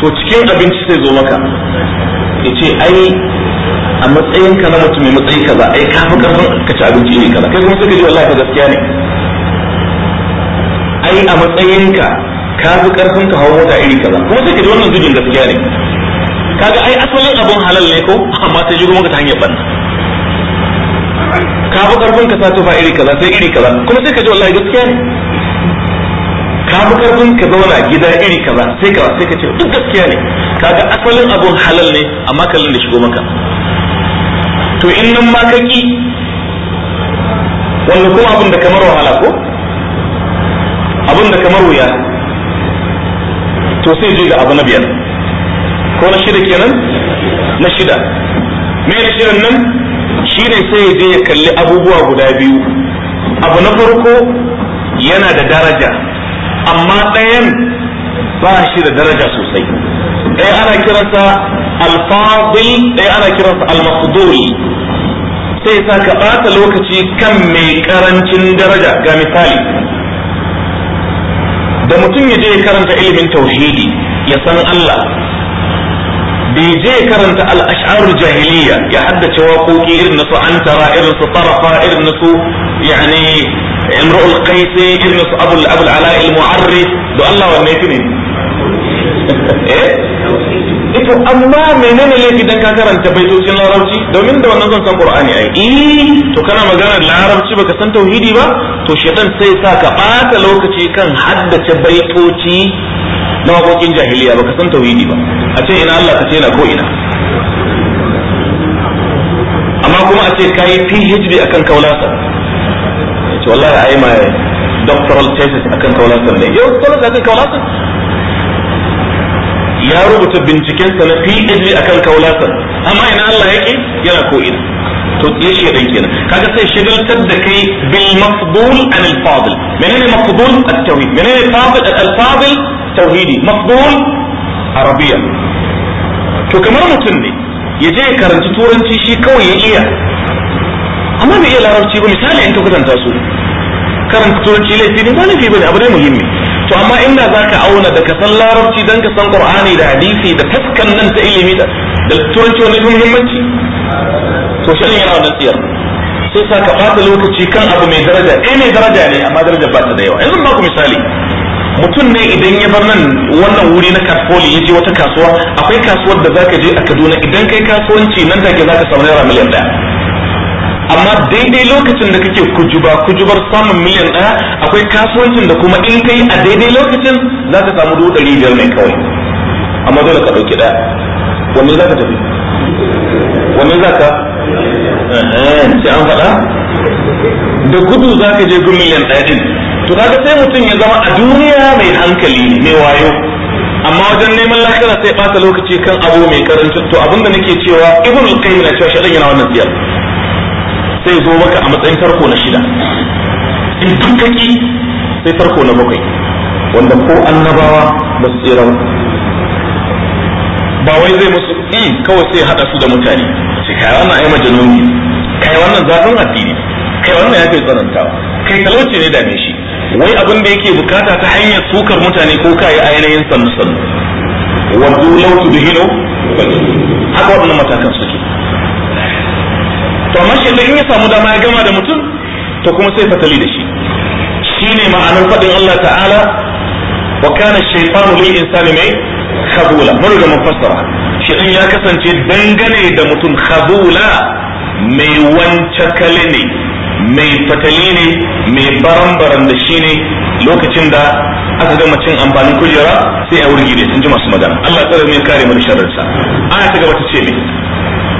to cikin abinci sai zo maka Ya ce ai a matsayin ka na mutum mai matsayi kaza ai ka fi karfin ka ci abinci ne kaza kai kuma sai ka ji wallahi ka gaskiya ne ai a matsayin ka ka fi karfin ka hawo mota iri kaza kuma sai ka ji wannan zujin gaskiya ne kaga ai asalin abun halal ne ko amma sai ji kuma ta hanyar banna ka fi karfin ka sa tufa iri kaza sai iri kaza kuma sai ka ji wallahi gaskiya ne ka fi karfin ka zauna gida iri kaza sai kaza sai ka ce duk gaskiya ne kaga asalin abun halal ne amma kallon da shigo maka to in nan ma ka ki wanda kuma abin da kamar wahala ko abin da kamar wuya to sai je ga abu na biyar ko na shida kenan na shida me ne shirin nan shine sai je ya kalli abubuwa guda biyu abu na farko yana da daraja amma ɗayan ba shi da daraja sosai ɗaya ana kiransa alfabil ɗaya ana kiransa almaqdul sai sa ka ɓata lokaci kan mai ƙarancin daraja ga misali da mutum ya je ya karanta ilimin tauhidi ya san Allah bai je karanta al-ash'ar jahiliya ya haddace waƙoƙi irin su antara irin su tarafa irin su yani imrul qaisi irin su abul abul ala al-mu'arri da Allah wanne ne eh ito amma menene laifi dan ka karanta baitocin larabci domin da wannan zan san qur'ani ai eh to kana magana larabci baka san tauhidi ba to shedan sai sa ka bata lokaci kan haddace baitoci na waƙoƙin jahiliya baka san tauhidi ba a ce ina Allah ka ce na ko ina amma kuma a ce kayi PhD akan kaulasa ce wallahi ai ma doctoral thesis akan kaulasa ne yau doctoral akan kaulasa ya rubuta bincikensa na PhD akan kaulasa amma ina Allah yake yana ko ina to ya dan kenan kaga sai shigaltar da kai bil mafdul an al fadil menene mafdul at tawhid menene fadil al fadil tauhidi maqbul arabiya to kamar mutum ne ya je ya karanci turanci shi kawai ya iya amma bai iya larabci ba misali in ka kwatanta su karanta turanci laifi ne ba laifi bane abu ne muhimmi to amma inda zaka auna da ka san larabci dan ka san qur'ani da hadisi da taskan nan ta ilimi da turanci wani muhimmanci to shi yana wannan tsiyar sai sa ka bata lokaci kan abu mai daraja eh mai daraja ne amma daraja ba ta da yawa yanzu ba ku misali mutum ne idan ya bar nan wannan wuri na katfoli ya je wata kasuwa akwai kasuwar da zaka je a Kaduna idan kai kasuwanci nan za zaka samu naira miliyan daya amma daidai lokacin da kake kujuba kujubar samun miliyan daya akwai kasuwancin da kuma in kai a daidai lokacin zaka samu dubu ɗari biyar ne kawai amma dole ka ɗauki daya wanne zaka tafi wanne zaka eh, eh, sai an faɗa da gudu zaka je gun miliyan ɗaya din to kaga sai mutum ya zama a duniya mai hankali ne mai wayo amma wajen neman lafiya sai bata lokaci kan abu mai karancin to abinda nake cewa ibn al-qayyim na cewa shedan yana wannan tsiyar sai zo maka a matsayin farko na shida in dukkaki sai farko na bakwai wanda ko annabawa ba su tsira ba wai zai musu in kawai sai hada su da mutane sai kai wannan ai majanuni kai wannan zafin addini kai wannan ya kai tsanantawa kai talauci ne dame shi wai abin da yake bukata ta hanyar sukar mutane ko kai yanayin sannu sannu wanzu lautu da hino haka waɗannan matakan suke to amma shi in ya samu dama ya gama da mutum to kuma sai fatali da shi Shi ne ma'anar faɗin Allah ta'ala wa kana shaytanu lil insani mai khabula mun ga mun fassara shi in ya kasance dangane da mutum khabula mai wancakale ne mai fatali ne mai baran-baran da shi ne lokacin da aka gama cin amfanin kujera sai a wurin ne sun ji masu magana Allah tsara mai kare mu da sharrinsa ana ta gaba ta ce ne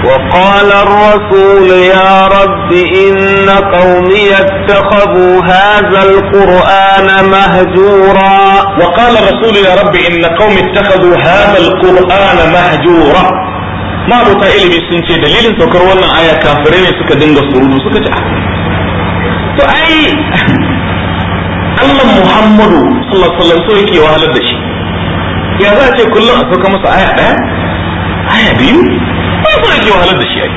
وقال الرسول يا رب إن قومي اتخذوا هذا القرآن مهجورا وقال الرسول يا رب إن قومي اتخذوا هذا القرآن مهجورا ما بتا ilimi sun ce dalilin saukar wannan aya kafirai ne suka to ai Allah Muhammadu sallallahu alaihi wasallam so yake wahalar da shi ya za ce kullum a sauka masa aya daya aya biyu ba so yake wahalar da shi ai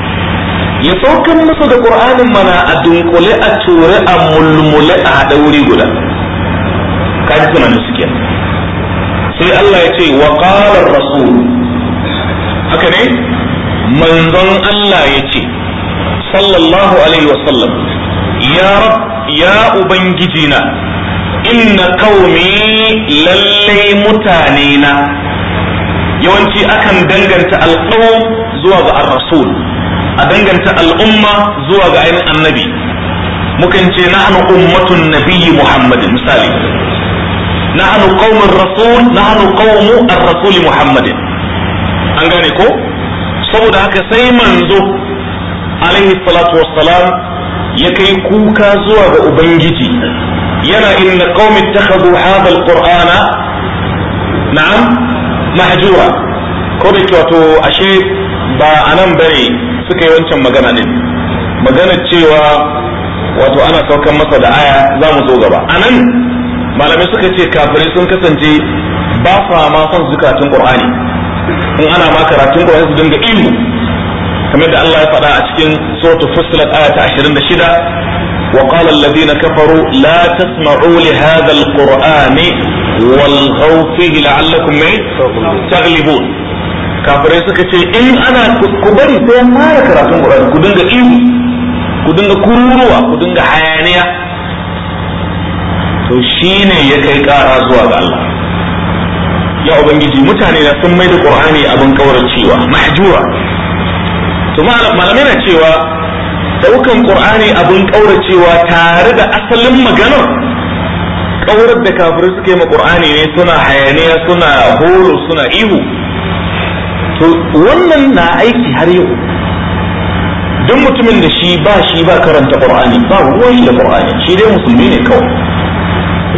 ya saukan masa da Qur'anin mana a dunkule a ture a mulmule a haɗa wuri guda kaji tunanin su kenan sai Allah ya ce wa qala rasul haka ne manzon Allah ya ce sallallahu alaihi wasallam ya rab ya ubangiji na inna qaumi lallai mutane na yawanci akan danganta alqaum zuwa ga ar-rasul a danganta al'umma zuwa ga ainihin annabi mukan ce na nahnu ummatun nabiyyi muhammadin misali na nahnu qaumur rasul na nahnu qaumu ar rasuli muhammadin an gane ko saboda haka sai manzo alaihi salatu wassalam ya kai kuka zuwa ga ubangiji yana inna qaumi takhadhu hadha alqur'ana na'am mahjura ko da wato ashe ba anan bane suka yi wancan magana ne magana cewa wato ana saukan masa da aya za mu zo gaba anan malamai suka ce kafirai sun kasance ba sa ma son zukatun qur'ani in ana ma karatun qur'ani su dinga ilmu kamar da Allah ya faɗa a cikin suratul fussilat aya ta 26 وقال الذين كفروا لا تسمعوا لهذا القرآن والغوا فيه لعلكم تغلبون kafirai suka ce in ana ku bari sai mara karatun Qur'ani ku dinga ihu dinga dinga hayaniya to shine ya kai kara zuwa ga Allah ya ubangiji mutane na sun mai da Qur'ani abin kauracewa mahjura to malamai na cewa daukan qur'ani abin kauracewa tare da asalin maganar kaurar da kafirai suke ma qur'ani ne suna hayaniya suna horo suna ihu to wannan na aiki har yau duk mutumin da shi ba shi ba karanta qur'ani ba ruwan da qur'ani shi dai musulmi ne kawai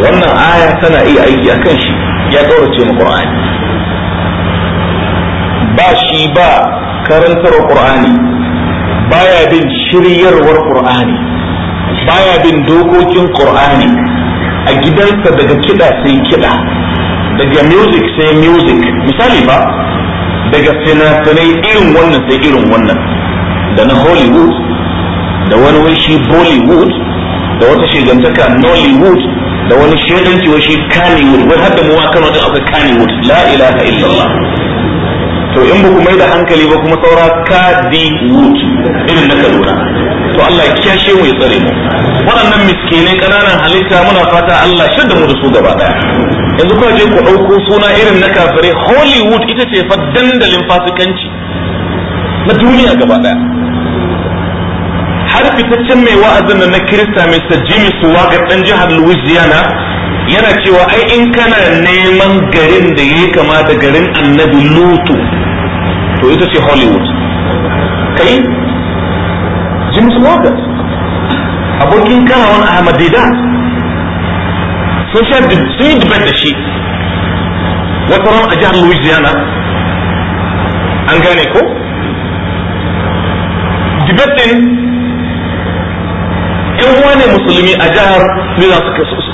wannan aya tana iya aiki akan shi ya kaurace ma qur'ani ba shi ba karantar qur'ani baya bin shiryarwar qur'ani baya bin dokokin qur'ani a gidansa daga kiɗa sai kiɗa daga music sai music misali ba daga fina-finai irin wannan sai irin wannan da na hollywood da wani wai shi bollywood da wata shigantaka nollywood da wani shedanci wai shi kannywood wai hadda kan wajen aka kannywood la ilaha illallah to in ba ku mai da hankali ba kuma saura ka di irin na kaduna to Allah ya kiyashe mu ya tsare mu waɗannan miskinai ƙananan halitta muna fata Allah shadda mu da su gaba daya yanzu kuma je ku ɗauko suna irin na kafirai Hollywood ita ce fa dandalin fasikanci na duniya gaba daya har fitaccen mai wa'azin na Kirista Mr. Jimmy ga ɗan jihar Louisiana yana cewa ai in kana neman garin da ya kama da garin annabi lutu to ita ce hollywood kai james waters abokin karawan ahmadida sun sha sun yi dubar da shi wata ran a jihar louisiana an gane ko dibetin yan uwa ne musulmi a jihar nuna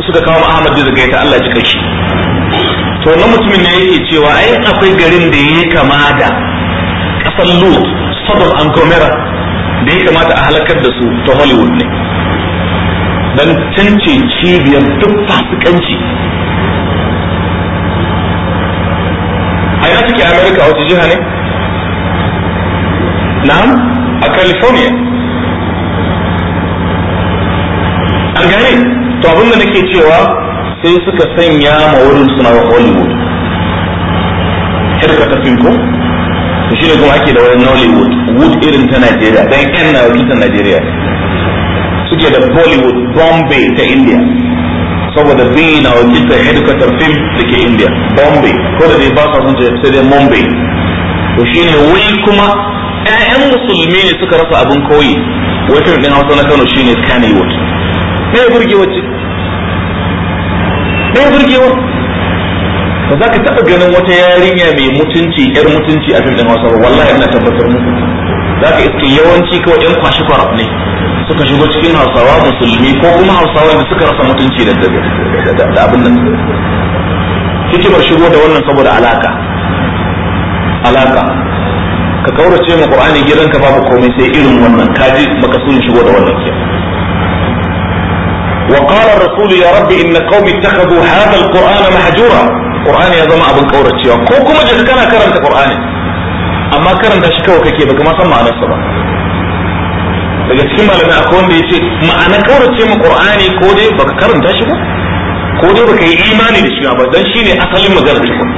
suka kawo ahmad da gaita allah ji kai shi to na mutumin ne yake cewa ai akwai garin da ya kama da kasar lut sodom an gomera da ya kamata a halakar da su ta hollywood ne dan cance cibiyar duk fasikanci a yana cike amerika wata jiha ne na'am a california an gane to abin da nake cewa sai suka sanya ma wurin suna hollywood harka ta ko to ne kuma ake da wani Nollywood wood irin ta Najeriya don yan na ta Najeriya suke da Bollywood Bombay ta India saboda bin na ta headquarter film da ke India Bombay ko da dai ba sa sun ce sai dai Mumbai to ne wai kuma ƴaƴan musulmi ne suka rasa abin koyi wai fim din Hausa na Kano shi ne Kannywood ɗaya burgewa ce ɗaya burgewa ba za ka taɓa ganin wata yarinya mai mutunci yar mutunci a filin wasa ba wallahi ina tabbatar muku za ka iske yawanci kawai yan kwashi kwarab ne suka shigo cikin hausawa musulmi ko kuma hausawa da suka rasa mutunci da abin nan hikimar shigo da wannan saboda alaka alaka ka kaurace ma qur'ani ka babu komai sai irin wannan kaji makasurin shigo da wannan ke وقال الرسول يا رب إن قومي اتخذوا هذا القرآن محجورا qur'ani ya zama abin kauracewa ko kuma da kana karanta qur'ani amma karanta shi kawai kake baka ma san ma'anarsa ba daga cikin malamai akwai wanda yace ma'ana kaurace ma qur'ani ko dai baka karanta shi ba ko dai baka yi imani da shi ba dan shine asalin magana tukun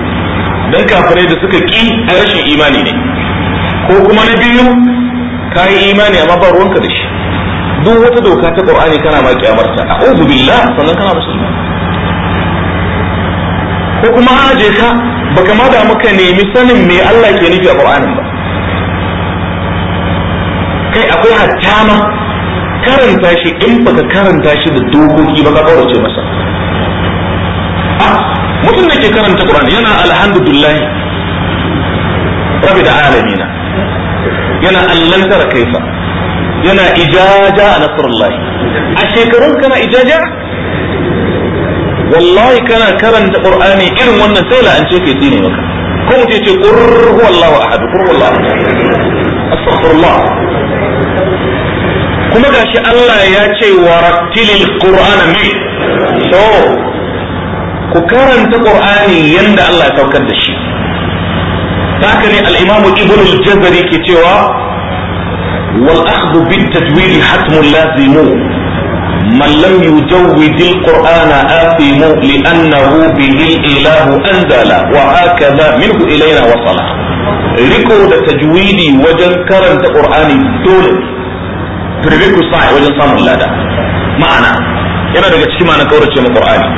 dan kafirai da suka ki a rashin imani ne ko kuma na biyu ka yi imani amma ba ruwanka da shi duk wata doka ta qur'ani kana ma kiyamarta a'udhu billahi sannan kana musulmi ko kuma aje ka baka ma da muka nemi sanin me Allah ke nufi a Qur'anin ba kai akwai hatta ma karanta shi in baka karanta shi da dokoki ba ka kaurace masa a ah, mutum da ke karanta Qur'ani yana alhamdulillah da alamina yana allan tara kaifa yana ijaja a nasrullahi a shekarun kana ijaja wallahi kana karanta qur'ani irin wannan sai la'ance kai tsine maka ko mutum ce qur huwallahu ahad qur huwallahu astaghfirullah kuma gashi Allah ya ce warattilil qur'ana min so ku karanta qur'ani yanda Allah ya saukar da shi haka ne al-imam ibn al-jazari ke cewa wal akhdhu bit tajwid hatmun lazimu من لم يجوز القرآن آثم لأنه به الإله أنزل وهكذا منه إلينا وصل riko da tajwidi wajen karanta qur'ani dole prerequisite wajen samun lada ma'ana yana daga cikin ma'ana kaurace ma qur'ani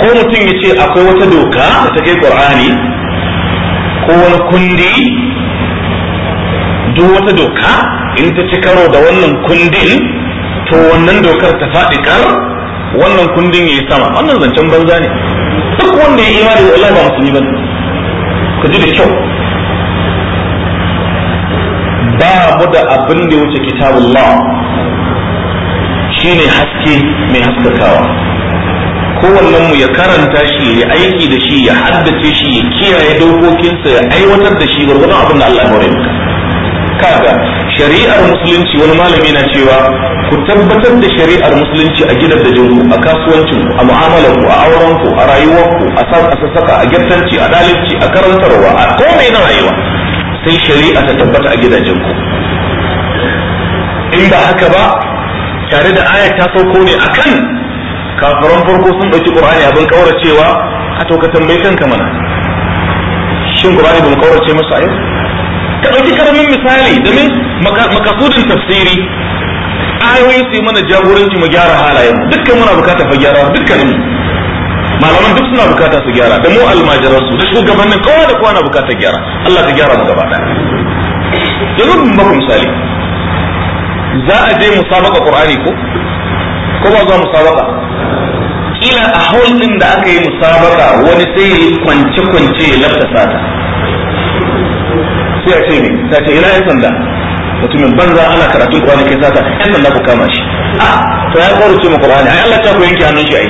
ko mutum ya ce akwai wata doka da ta kai qur'ani ko wani kundi wata doka in ta ci karo da wannan kundin to wannan dokar ta faɗi kar wannan kundin yayi sama wannan zancen banza ne duk wanda ya imani da Allah ba musulmi bane ka ji da kyau ba mu da abin da wuce kitabullah shine haske mai haskakawa kowannen mu ya karanta shi ya aiki da shi ya haddace shi ya kiyaye dokokinsa ya aiwatar da shi gwargwadon abin da Allah ya hore maka kaga shari'ar musulunci wani malami na cewa ku tabbatar da shari'ar musulunci a gidan da jinku a kasuwancin ku, a mu'amalar ku a auren ku a rayuwar ku a sassaka a gyartanci a dalibci a karantarwa a komai na rayuwa sai shari'a ta tabbata a gidajen ku in ba haka ba tare da aya ta sauko ne akan kafiran farko sun ɗauki qur'ani abin kauracewa a ka tambayi kanka mana shin qur'ani bai ƙaurace kaurace masa yau ka ɗauki karamin misali domin makasudin tafsiri ayoyi su yi mana jagoranci mu gyara halayen dukkan muna bukata fa gyara dukkanin malaman duk suna bukata su gyara da mu almajiran su da shugabannin kowa da kowa na bukata gyara Allah ta gyara mu gaba ɗaya yanzu mun ba misali za a je mu sabaka qur'ani ko ko ba za sabaka kila a hall din da aka yi musabaka wani sai kwance kwance ya lafta sata sai a ce ne sai a ce ina yan sanda mutumin banza ana karatun Qur'ani kai sata yan sanda ku kama shi a to ya kawo ce mu Qur'ani ai Allah ta ku yanke hannun shi ai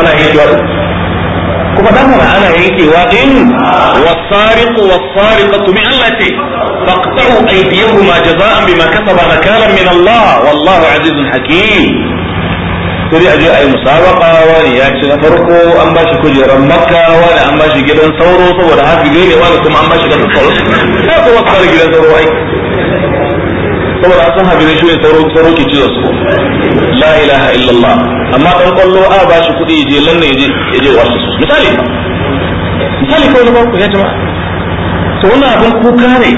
ana yankewa kuma dan mana ana yankewa din wasariq wasariqatu min Allah ce faqta'u aydiyahuma jaza'an bima kasaba nakalan min Allah wallahu azizun hakim sai a je a yi musabaka wani ya ci na farko an ba shi kujerar makka wani an ba shi gidan sauro saboda haka gane wani kuma an ba shi gidan sauro ya kuma fara gidan sauro ai saboda an san ne shi ne sauro sauro ke cizon su la ilaha illallah amma dan ƙwallo a ba shi kuɗi je lanna ya je ya je wasu misali misali ko na ku ya jama'a to wannan abin kuka ne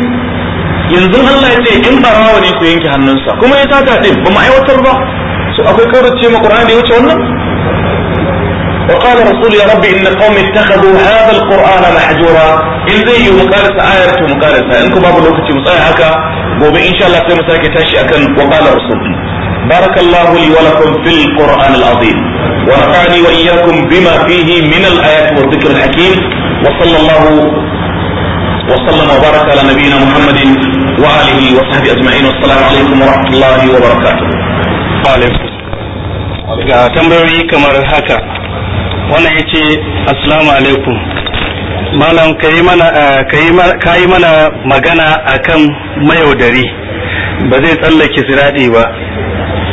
yanzu Allah ya ce in barawa ne ku yanke hannunsa kuma ya taka din ba mu aiwatar ba so akwai kaurace ma qur'ani da wuce wannan wa qala rasul ya rabbi inna qaumi ittakhadhu hadha alqur'ana mahjura in zai yi mu karasa ayar to mu karasa in ku babu lokaci mu tsaya haka gobe insha Allah sai mu sake tashi akan wa qala rasul barakallahu li wa lakum fil qur'an alazim ونفعني وإياكم بما فيه من الآيات والذكر الحكيم وصلى الله وسلم وبارك على نبينا محمد وآله وصحبه أجمعين والسلام عليكم ورحمة الله وبركاته alaikum ga tambayoyi kamar haka wannan ya ce assalamu alaikum malam ka yi mana eh, magana a kan mayaudari ba zai tsallake siradi ba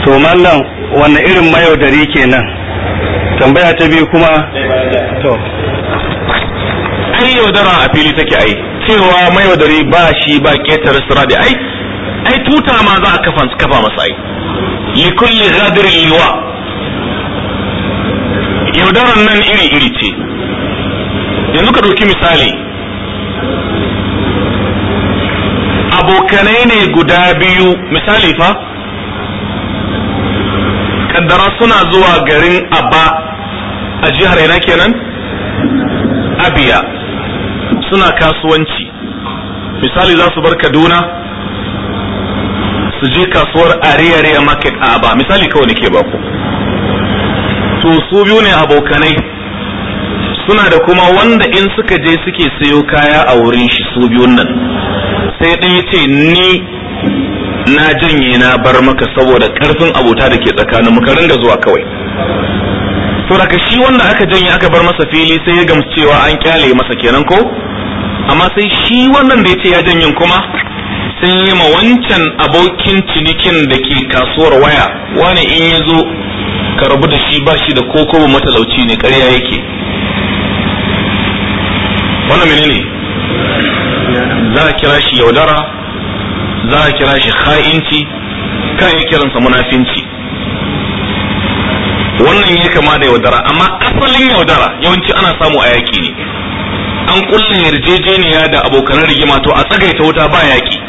to malam wani irin mayaudari kenan tambaya ta biyu kuma to ai yaudara a fili take ai cewa mayaudari ba shi ba ketare siradi ai ai tuta ma za a kafa masa ai likulli ghadirin liwa yaudaran nan iri iri ce yanzu ka ɗauki misali abokanai ne guda biyu misali fa kaddara suna zuwa garin abba a jihar yana kenan abiya suna kasuwanci misali za su bar kaduna su je kasuwar area market a ba misali kawai nake ku to su biyu ne abokanai suna da kuma wanda in suka je suke sayo kaya a wurin shi su biyun nan sai ɗaya ce ni na janye na bar maka saboda karfin abota da ke tsakanin mu ka ringa zuwa kawai to daga shi wanda aka janye aka bar masa fili sai ya gamsu cewa an kyale masa kenan ko amma sai shi wannan da ya ce ya janye kuma sun yi ma wancan abokin cinikin da ke kasuwar waya wani in ya zo ka rabu da shi ba shi da koko matalauci ne karya yake wannan menene za a kira shi yaudara za a kira shi ha'inci kan yi kiransa munafinci wannan ya kama da yaudara amma asalin yaudara yawanci ana samu a yaki ne an ƙulla yarjejeniya da abokan rigima to a tsagaita wuta ba yaki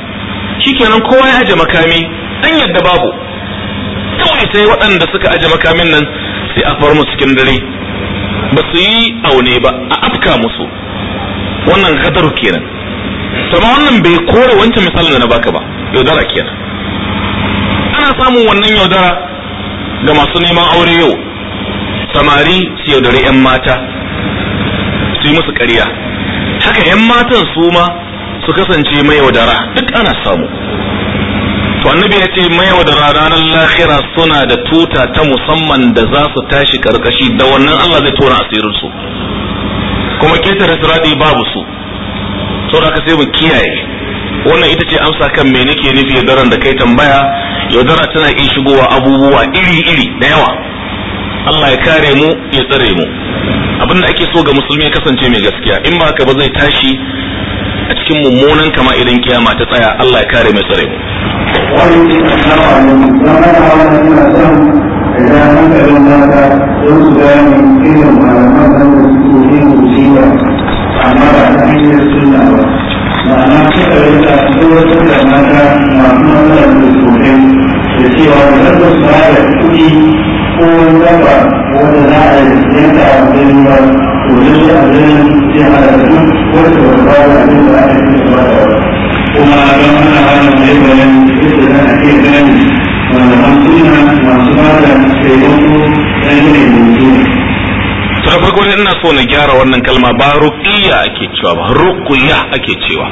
Shi shikenan kowa ya aje makami an yadda babu kawai sai waɗanda suka aje makamin nan sai a far musu cikin dare ba su yi aune ba a afka musu wannan gadar kenan sama wannan bai kore wancan misalin da na baka ba yaudara kenan ana samun wannan yaudara ga masu neman aure yau samari su yaudari 'yan mata su yi musu ƙarya haka 'yan matan su ma su kasance mai wadara duk ana samu to annabi ya ce mai wadara ranar lahira suna da tuta ta musamman da za su tashi karkashi da wannan Allah zai tona asirin su kuma ketare siradi babu su to da ka sai mu kiyaye wannan ita ce amsa kan me nake nufi yaudaran da kai tambaya yaudara tana iya shigowa abubuwa iri-iri da yawa Allah ya kare mu ya tsare mu abin da ake so ga musulmi ya kasance mai gaskiya in ba ka ba zai tashi a cikin mummunan kama idan kiyama ta tsaya Allah ya kare mai tsare Thank you. ko wani wanda za a yanka a ba. to a ba da ba da kuma don ana suna masu ba da mutu farko ne ina so na gyara wannan kalma ba ruqiyya ake cewa ba ruqiyya ake cewa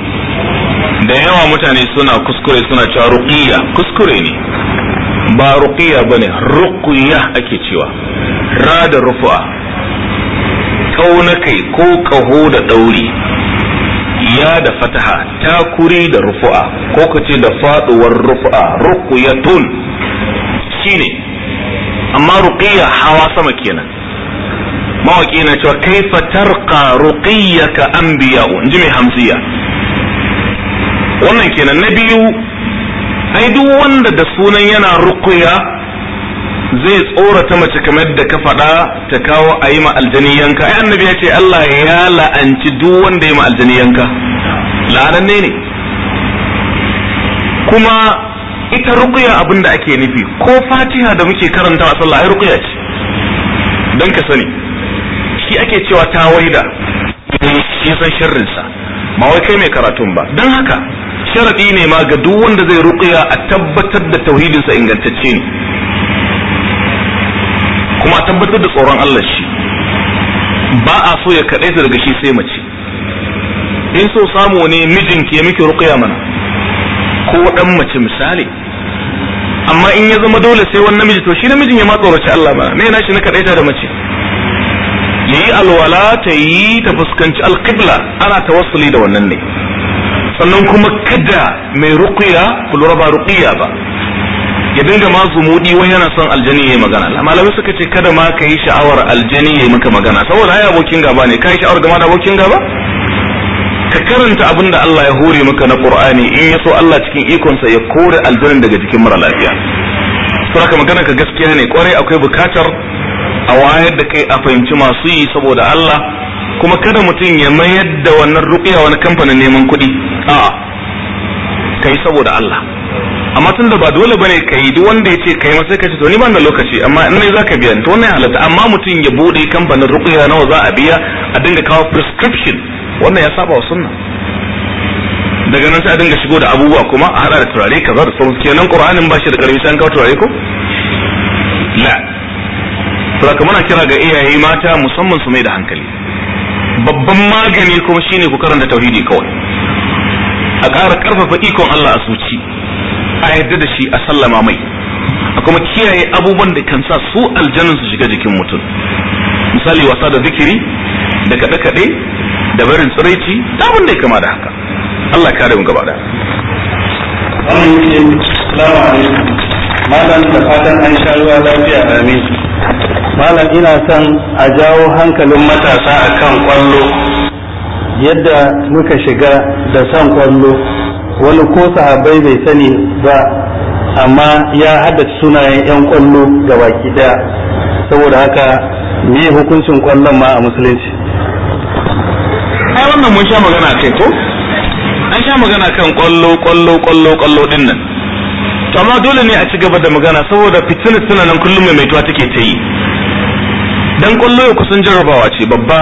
da yawa mutane suna kuskure suna cewa ruqiyya kuskure ne ba ruqiyya bane ruqiyya ake cewa ra da rufu'a kai ko kaho da ɗauri ya da fataha takuri da rufu'a ko kace da faɗuwar rufu'a ruqyatun shine amma ruqiyya hawa sama kenan mawaki na cewa kaifa tarqa ruqiyyaka anbiya'u inji mai hamsiya wannan kenan na biyu ai duk wanda da sunan yana ruqya zai tsorata mace kamar da ka faɗa ta kawo a yi ma yanka ai annabi ya ce Allah ya la'anci duk wanda ya ma yanka la'ananne ne kuma ita ruqya abin da ake nufi ko fatiha da muke karanta a sallah ai ruqya ce dan ka sani shi ake cewa ta waida shi san sharrin sa ba wai kai mai karatun ba dan haka sharadi ne ma ga duk wanda zai ruqya a tabbatar da tauhidinsa ingantacce ne kuma a tabbatar da tsoron Allah shi ba a so ya kaɗai ta daga shi sai mace in so samu ne mijin ke miki ruqya mana ko dan mace misali amma in ya zama dole sai wani namiji to shi namijin ya ma tsoraci Allah ba me na shi na kaɗai ta da mace yi alwala ta yi ta fuskanci alƙibla ana tawassuli da wannan ne sannan kuma kada mai ruqya kulura ba ba ya dinga ma zumudi wani yana son aljani yayi magana malamai suka ce kada ma ka yi sha'awar aljani yayi maka magana saboda ai abokin gaba ne ka yi sha'awar gama da abokin gaba ka karanta abin da Allah ya hore maka na Qur'ani in ya so Allah cikin ikon sa ya kore aljanin daga jikin mara lafiya ka magana ka gaskiya ne kwarai akwai bukatar a wayar da kai a fahimci masu yi saboda Allah kuma kada mutum ya mayar da wannan ruqiya wani kamfanin neman kuɗi a'a kai saboda Allah amma tunda ba dole bane yi duk wanda ya kai ma sai ka ce to ni ban da lokaci amma in za zaka biya to wannan halatta amma mutum ya bude kamfanin ruqya nawa za a biya a dinga kawo prescription wannan ya saba wa sunna daga nan sai a dinga shigo da abubuwa kuma a hada da turare kaza da sauransu kenan qur'anin ba shi da karfi sai an kawo turare ko la kuma na kira ga iyaye mata musamman su mai da hankali babban magani kuma shine ku karanta tauhidi kawai a ƙara ƙarfafa ikon Allah a zuci a yarda da shi a sallama mai a kuma kiyaye abubuwan da kan sa su aljanun su shiga jikin mutum misali wasa da zikiri da kaɗe-kaɗe da barin tsiraici ta abin da ya kama da haka Allah kare mu gaba daya malam da fatan an sha ruwa lafiya amin malam ina son a jawo hankalin matasa akan kwallo yadda muka shiga da son kwallo wani ko sahabai bai sani ba amma ya haddace sunayen yan kwallo ga baki daya saboda haka ne hukuncin kwallon ma a musulunci ai wannan mun sha magana kai ko an sha magana kan kwallo kwallo kwallo kwallo din nan to amma dole ne a ci gaba da magana saboda fitinar suna nan kullum mai maituwa take ta yi dan kwallo ya kusan jarrabawa ce babba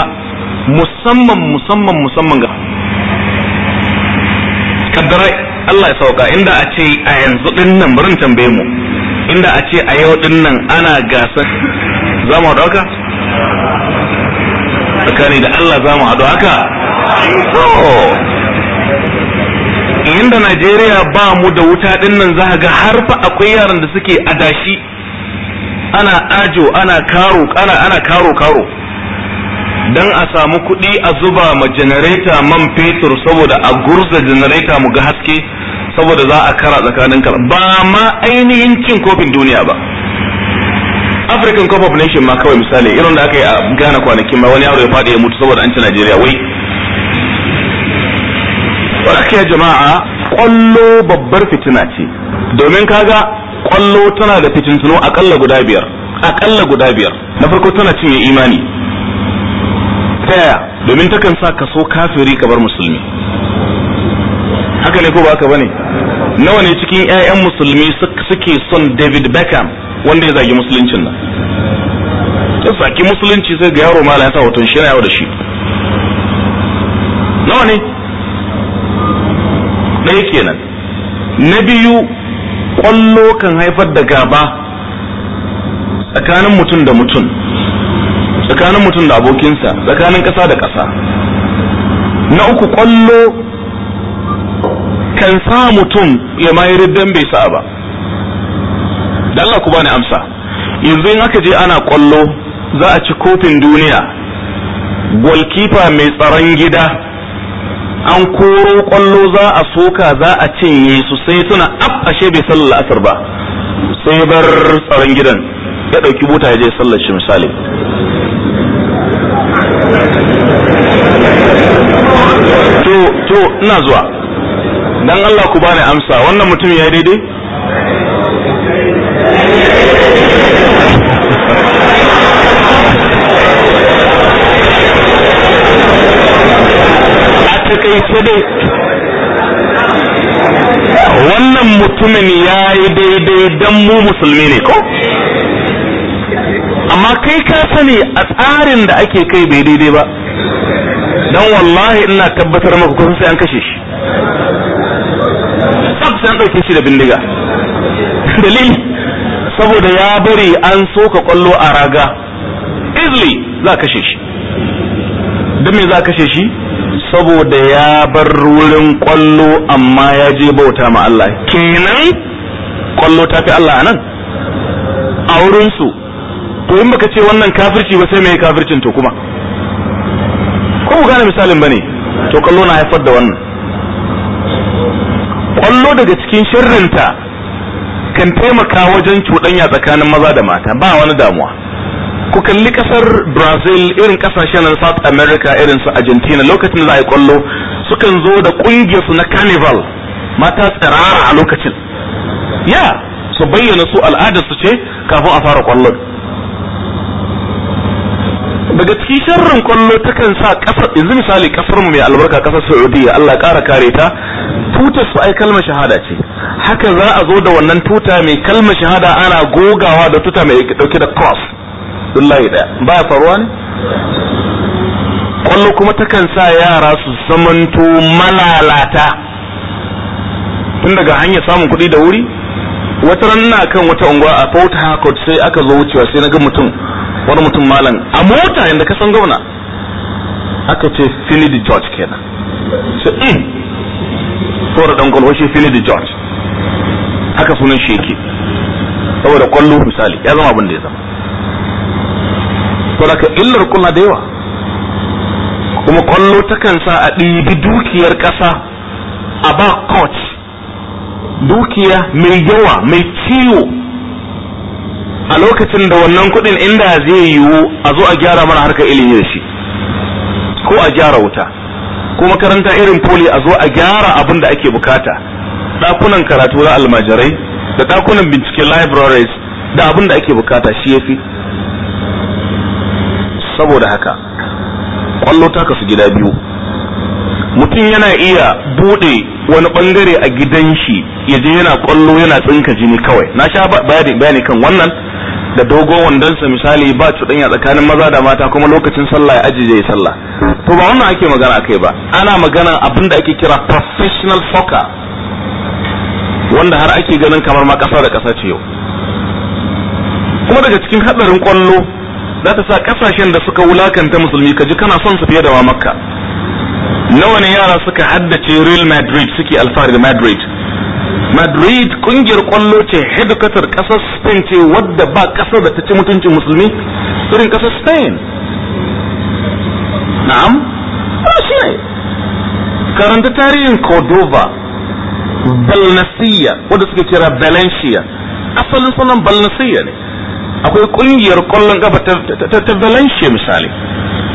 musamman musamman musamman ga kaddara Allah ya sauka inda a ce a yanzu din nan bari tambaye mu inda a ce a yau din nan ana gasa za mu dauka tsakani da Allah za mu haɗu haka inda Najeriya ba mu da wuta din nan za ga har fa akwai yaran da suke adashi ana ajo ana karo ana ana karo karo dan a samu kuɗi a zuba ma janareta man fetur saboda a gurza janareta mu ga haske saboda za a kara tsakanin kar ba ma ainihin cin kofin duniya ba African Cup of Nation ma kawai misali irin da aka yi a gane kwanakin ma wani yaro ya faɗi ya mutu saboda an ci Najeriya wai ya jama'a kwallo babbar fitina ce domin kaga kwallo tana da fitintuno akalla guda biyar akalla guda biyar na farko tana cinye imani ta domin takan sa ka so kafiri ka bar musulmi haka ne ko ba haka bane nawa ne cikin 'ya'yan musulmi suke son David Beckham wanda ya zagi musuluncin nan ya saki musulunci sai ga yaro malam ya sa hoton shi na yau da shi nawa ne ɗaya kenan na biyu kwallo kan haifar da gaba tsakanin mutum da mutum tsakanin mutum da abokinsa tsakanin ƙasa da ƙasa na uku ƙwallo kan sa mutum ya mayi riddan bai sa ba da Allah ku bani amsa yanzu in aka je ana ƙwallo za a ci kofin duniya golkifa mai tsaron gida an koro ƙwallo za a soka za a cinye su sai suna ab ashe bai sallar asar ba sai bar tsaron gidan ya ɗauki buta ya je sallar shi misali to to ina zuwa dan Allah ku bani amsa wannan mutum ya daidai wannan mutumin ya yi daidai dan mu musulmi ne ko amma kai ka sani a tsarin da ake kai bai daidai ba don wallahi ina tabbatar maka kusan sai an kashe shi sai an ɗauke shi da bindiga dalili saboda ya bari an soka kwallo a raga easily za a kashe shi don me za a kashe shi saboda ya bar wurin kwallo amma ya je bauta ma Allah kenan kwallo ta fi Allah a nan a wurinsu to in baka ce wannan kafirci ba sai mai kafircin to kuma ko mu gane misalin bane to kallo na haifar da wannan kwallo daga cikin shirrinta kan taimaka wajen cuɗanya tsakanin maza da mata ba wani damuwa ku kalli kasar brazil irin kasashen na south america irin su argentina lokacin da za a yi kwallo sukan zo da ƙungiyarsu na carnival mata tsirara a lokacin ya su bayyana su al'adarsu ce kafin a fara kwallon daga cikin sharrin kwallo takan sa kasar yanzu misali kasar mu mai albarka kasar Saudiya Allah ƙara kare ta tutar su ai kalmar shahada ce haka za a zo da wannan tuta mai kalmar shahada ana gogawa da tuta mai dauke da cross ɗaya ba ya faruwa ne kwallo kuma takan sa yara su samanto malalata tun daga hanyar samun kuɗi da wuri wata ranar kan wata unguwa a Port Harcourt sai aka zo wucewa sai na ga mutum wani mutum malam a mota yadda ka san gwamna aka ce philip the george kenan in tora dan kwallo shi philip george haka sunan shi yake saboda kwallo misali ya zama abin da ya zama saboda ka illar kuna da yawa kuma kwallo takan sa a ɗibi dukiyar ƙasa a ba court dukiya mai yawa mai ciwo a lokacin da wannan kuɗin inda zai yiwu a zo a gyara mana harkar ilimi da shi ko a gyara wuta ko makaranta irin poli a zo a gyara abin da ake bukata ɗakunan karatu na almajirai da ɗakunan bincike libraries da abin da ake bukata shi ya fi saboda haka kwallo ta kasu gida biyu mutum yana iya bude wani bangare a gidan shi ya je yana kwallo yana tsinka jini kawai na sha bayani kan wannan da dogon wandonsa misali ba cuɗanya tsakanin maza da mata kuma lokacin sallah ya ajiye sallah to ba wannan ake magana kai ba ana magana abin da ake kira professional soccer wanda har ake ganin kamar ma ƙasa da ƙasa ce yau kuma daga cikin haɗarin kwallo za ta sa ƙasashen da suka wulakanta musulmi ka ji kana son su fiye da wa makka nawa ne yara suka haddace Real Madrid suke alfahari da Madrid Madrid kungiyar kwallo ce hedikatar kasar Spain ce wadda ba kasar da ta ci mutuncin musulmi irin kasar Spain na'am shi ne karanta tarihin Cordova Balnasiya wadda suka kira Valencia asalin sunan Balnasiya ne akwai kungiyar kwallon gaba ta Valencia misali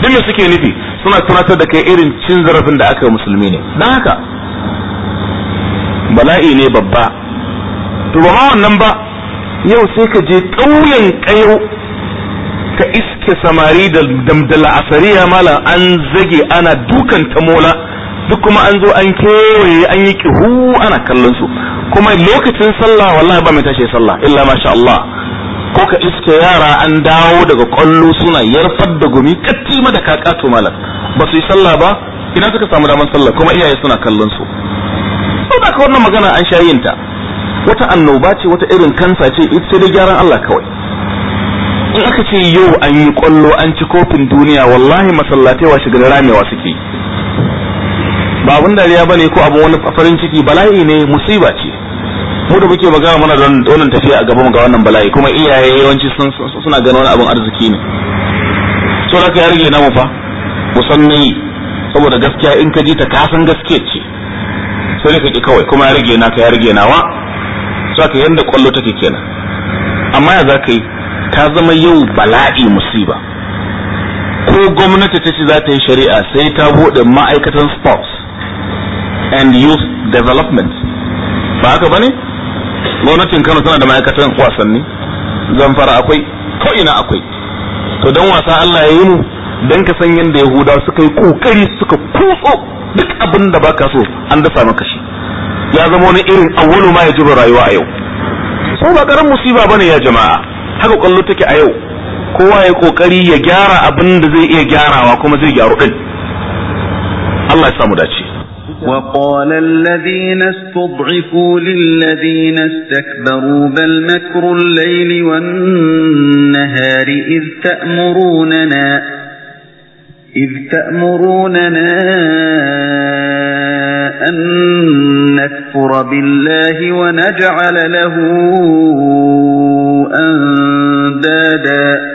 duk me suke nufi suna tunatar da kai irin cin zarafin da aka yi musulmi ne don haka bala'i ne babba to ba ma wannan ba yau sai ka je ƙauyen ƙayo ka iske samari da la'asariya malam an zage ana dukan tamola duk kuma an zo an kewaye an yi kihu ana kallon su kuma lokacin sallah wallahi ba mai tashi sallah illa masha Allah ko ka iske yara an dawo daga kwallo suna yarfar da gumi katti ma da kakato malam ba su yi sallah ba ina suka samu daman sallah kuma iyaye suna kallon su sau da ka wannan magana an sha yin ta wata annoba ce wata irin kansa ce ita dai gyaran Allah kawai in aka ce yau an yi kwallo an ci kofin duniya wallahi masallatai wa shigar ramewa suke ba abin dariya bane ko abu wani farin ciki bala'i ne musiba ce mu da muke magana muna da wannan tafiya a gaban ga wannan bala'i kuma iyaye yawanci suna ganin wani abin arziki ne so da ka rage namu fa Mu san musanni saboda gaskiya in ka ji ta kasan gaske ce sai ka ki kawai kuma ya rage na ka ya rage nawa so ka yanda kwallo take kenan amma ya za yi ta zama yau bala'i musiba ko gwamnati ta ce za ta yi shari'a sai ta bude ma'aikatan sports and youth development ba haka bane gwamnatin Kano tana da ma'aikatan wasanni zamfara akwai ko ina akwai to don wasa Allah ya yi mu don ka san yadda Yahuda suka yi kokari suka kutso duk abin da baka so an dafa maka shi ya zama wani irin awwalu ma ya jibin rayuwa a yau so ba karan musiba bane ya jama'a haka kwallo take a yau kowa ya kokari ya gyara abin da zai iya gyarawa kuma zai gyaru din Allah ya samu dace وقال الذين استضعفوا للذين استكبروا بل مكر الليل والنهار إذ تأمروننا إذ تأمروننا أن نكفر بالله ونجعل له أندادا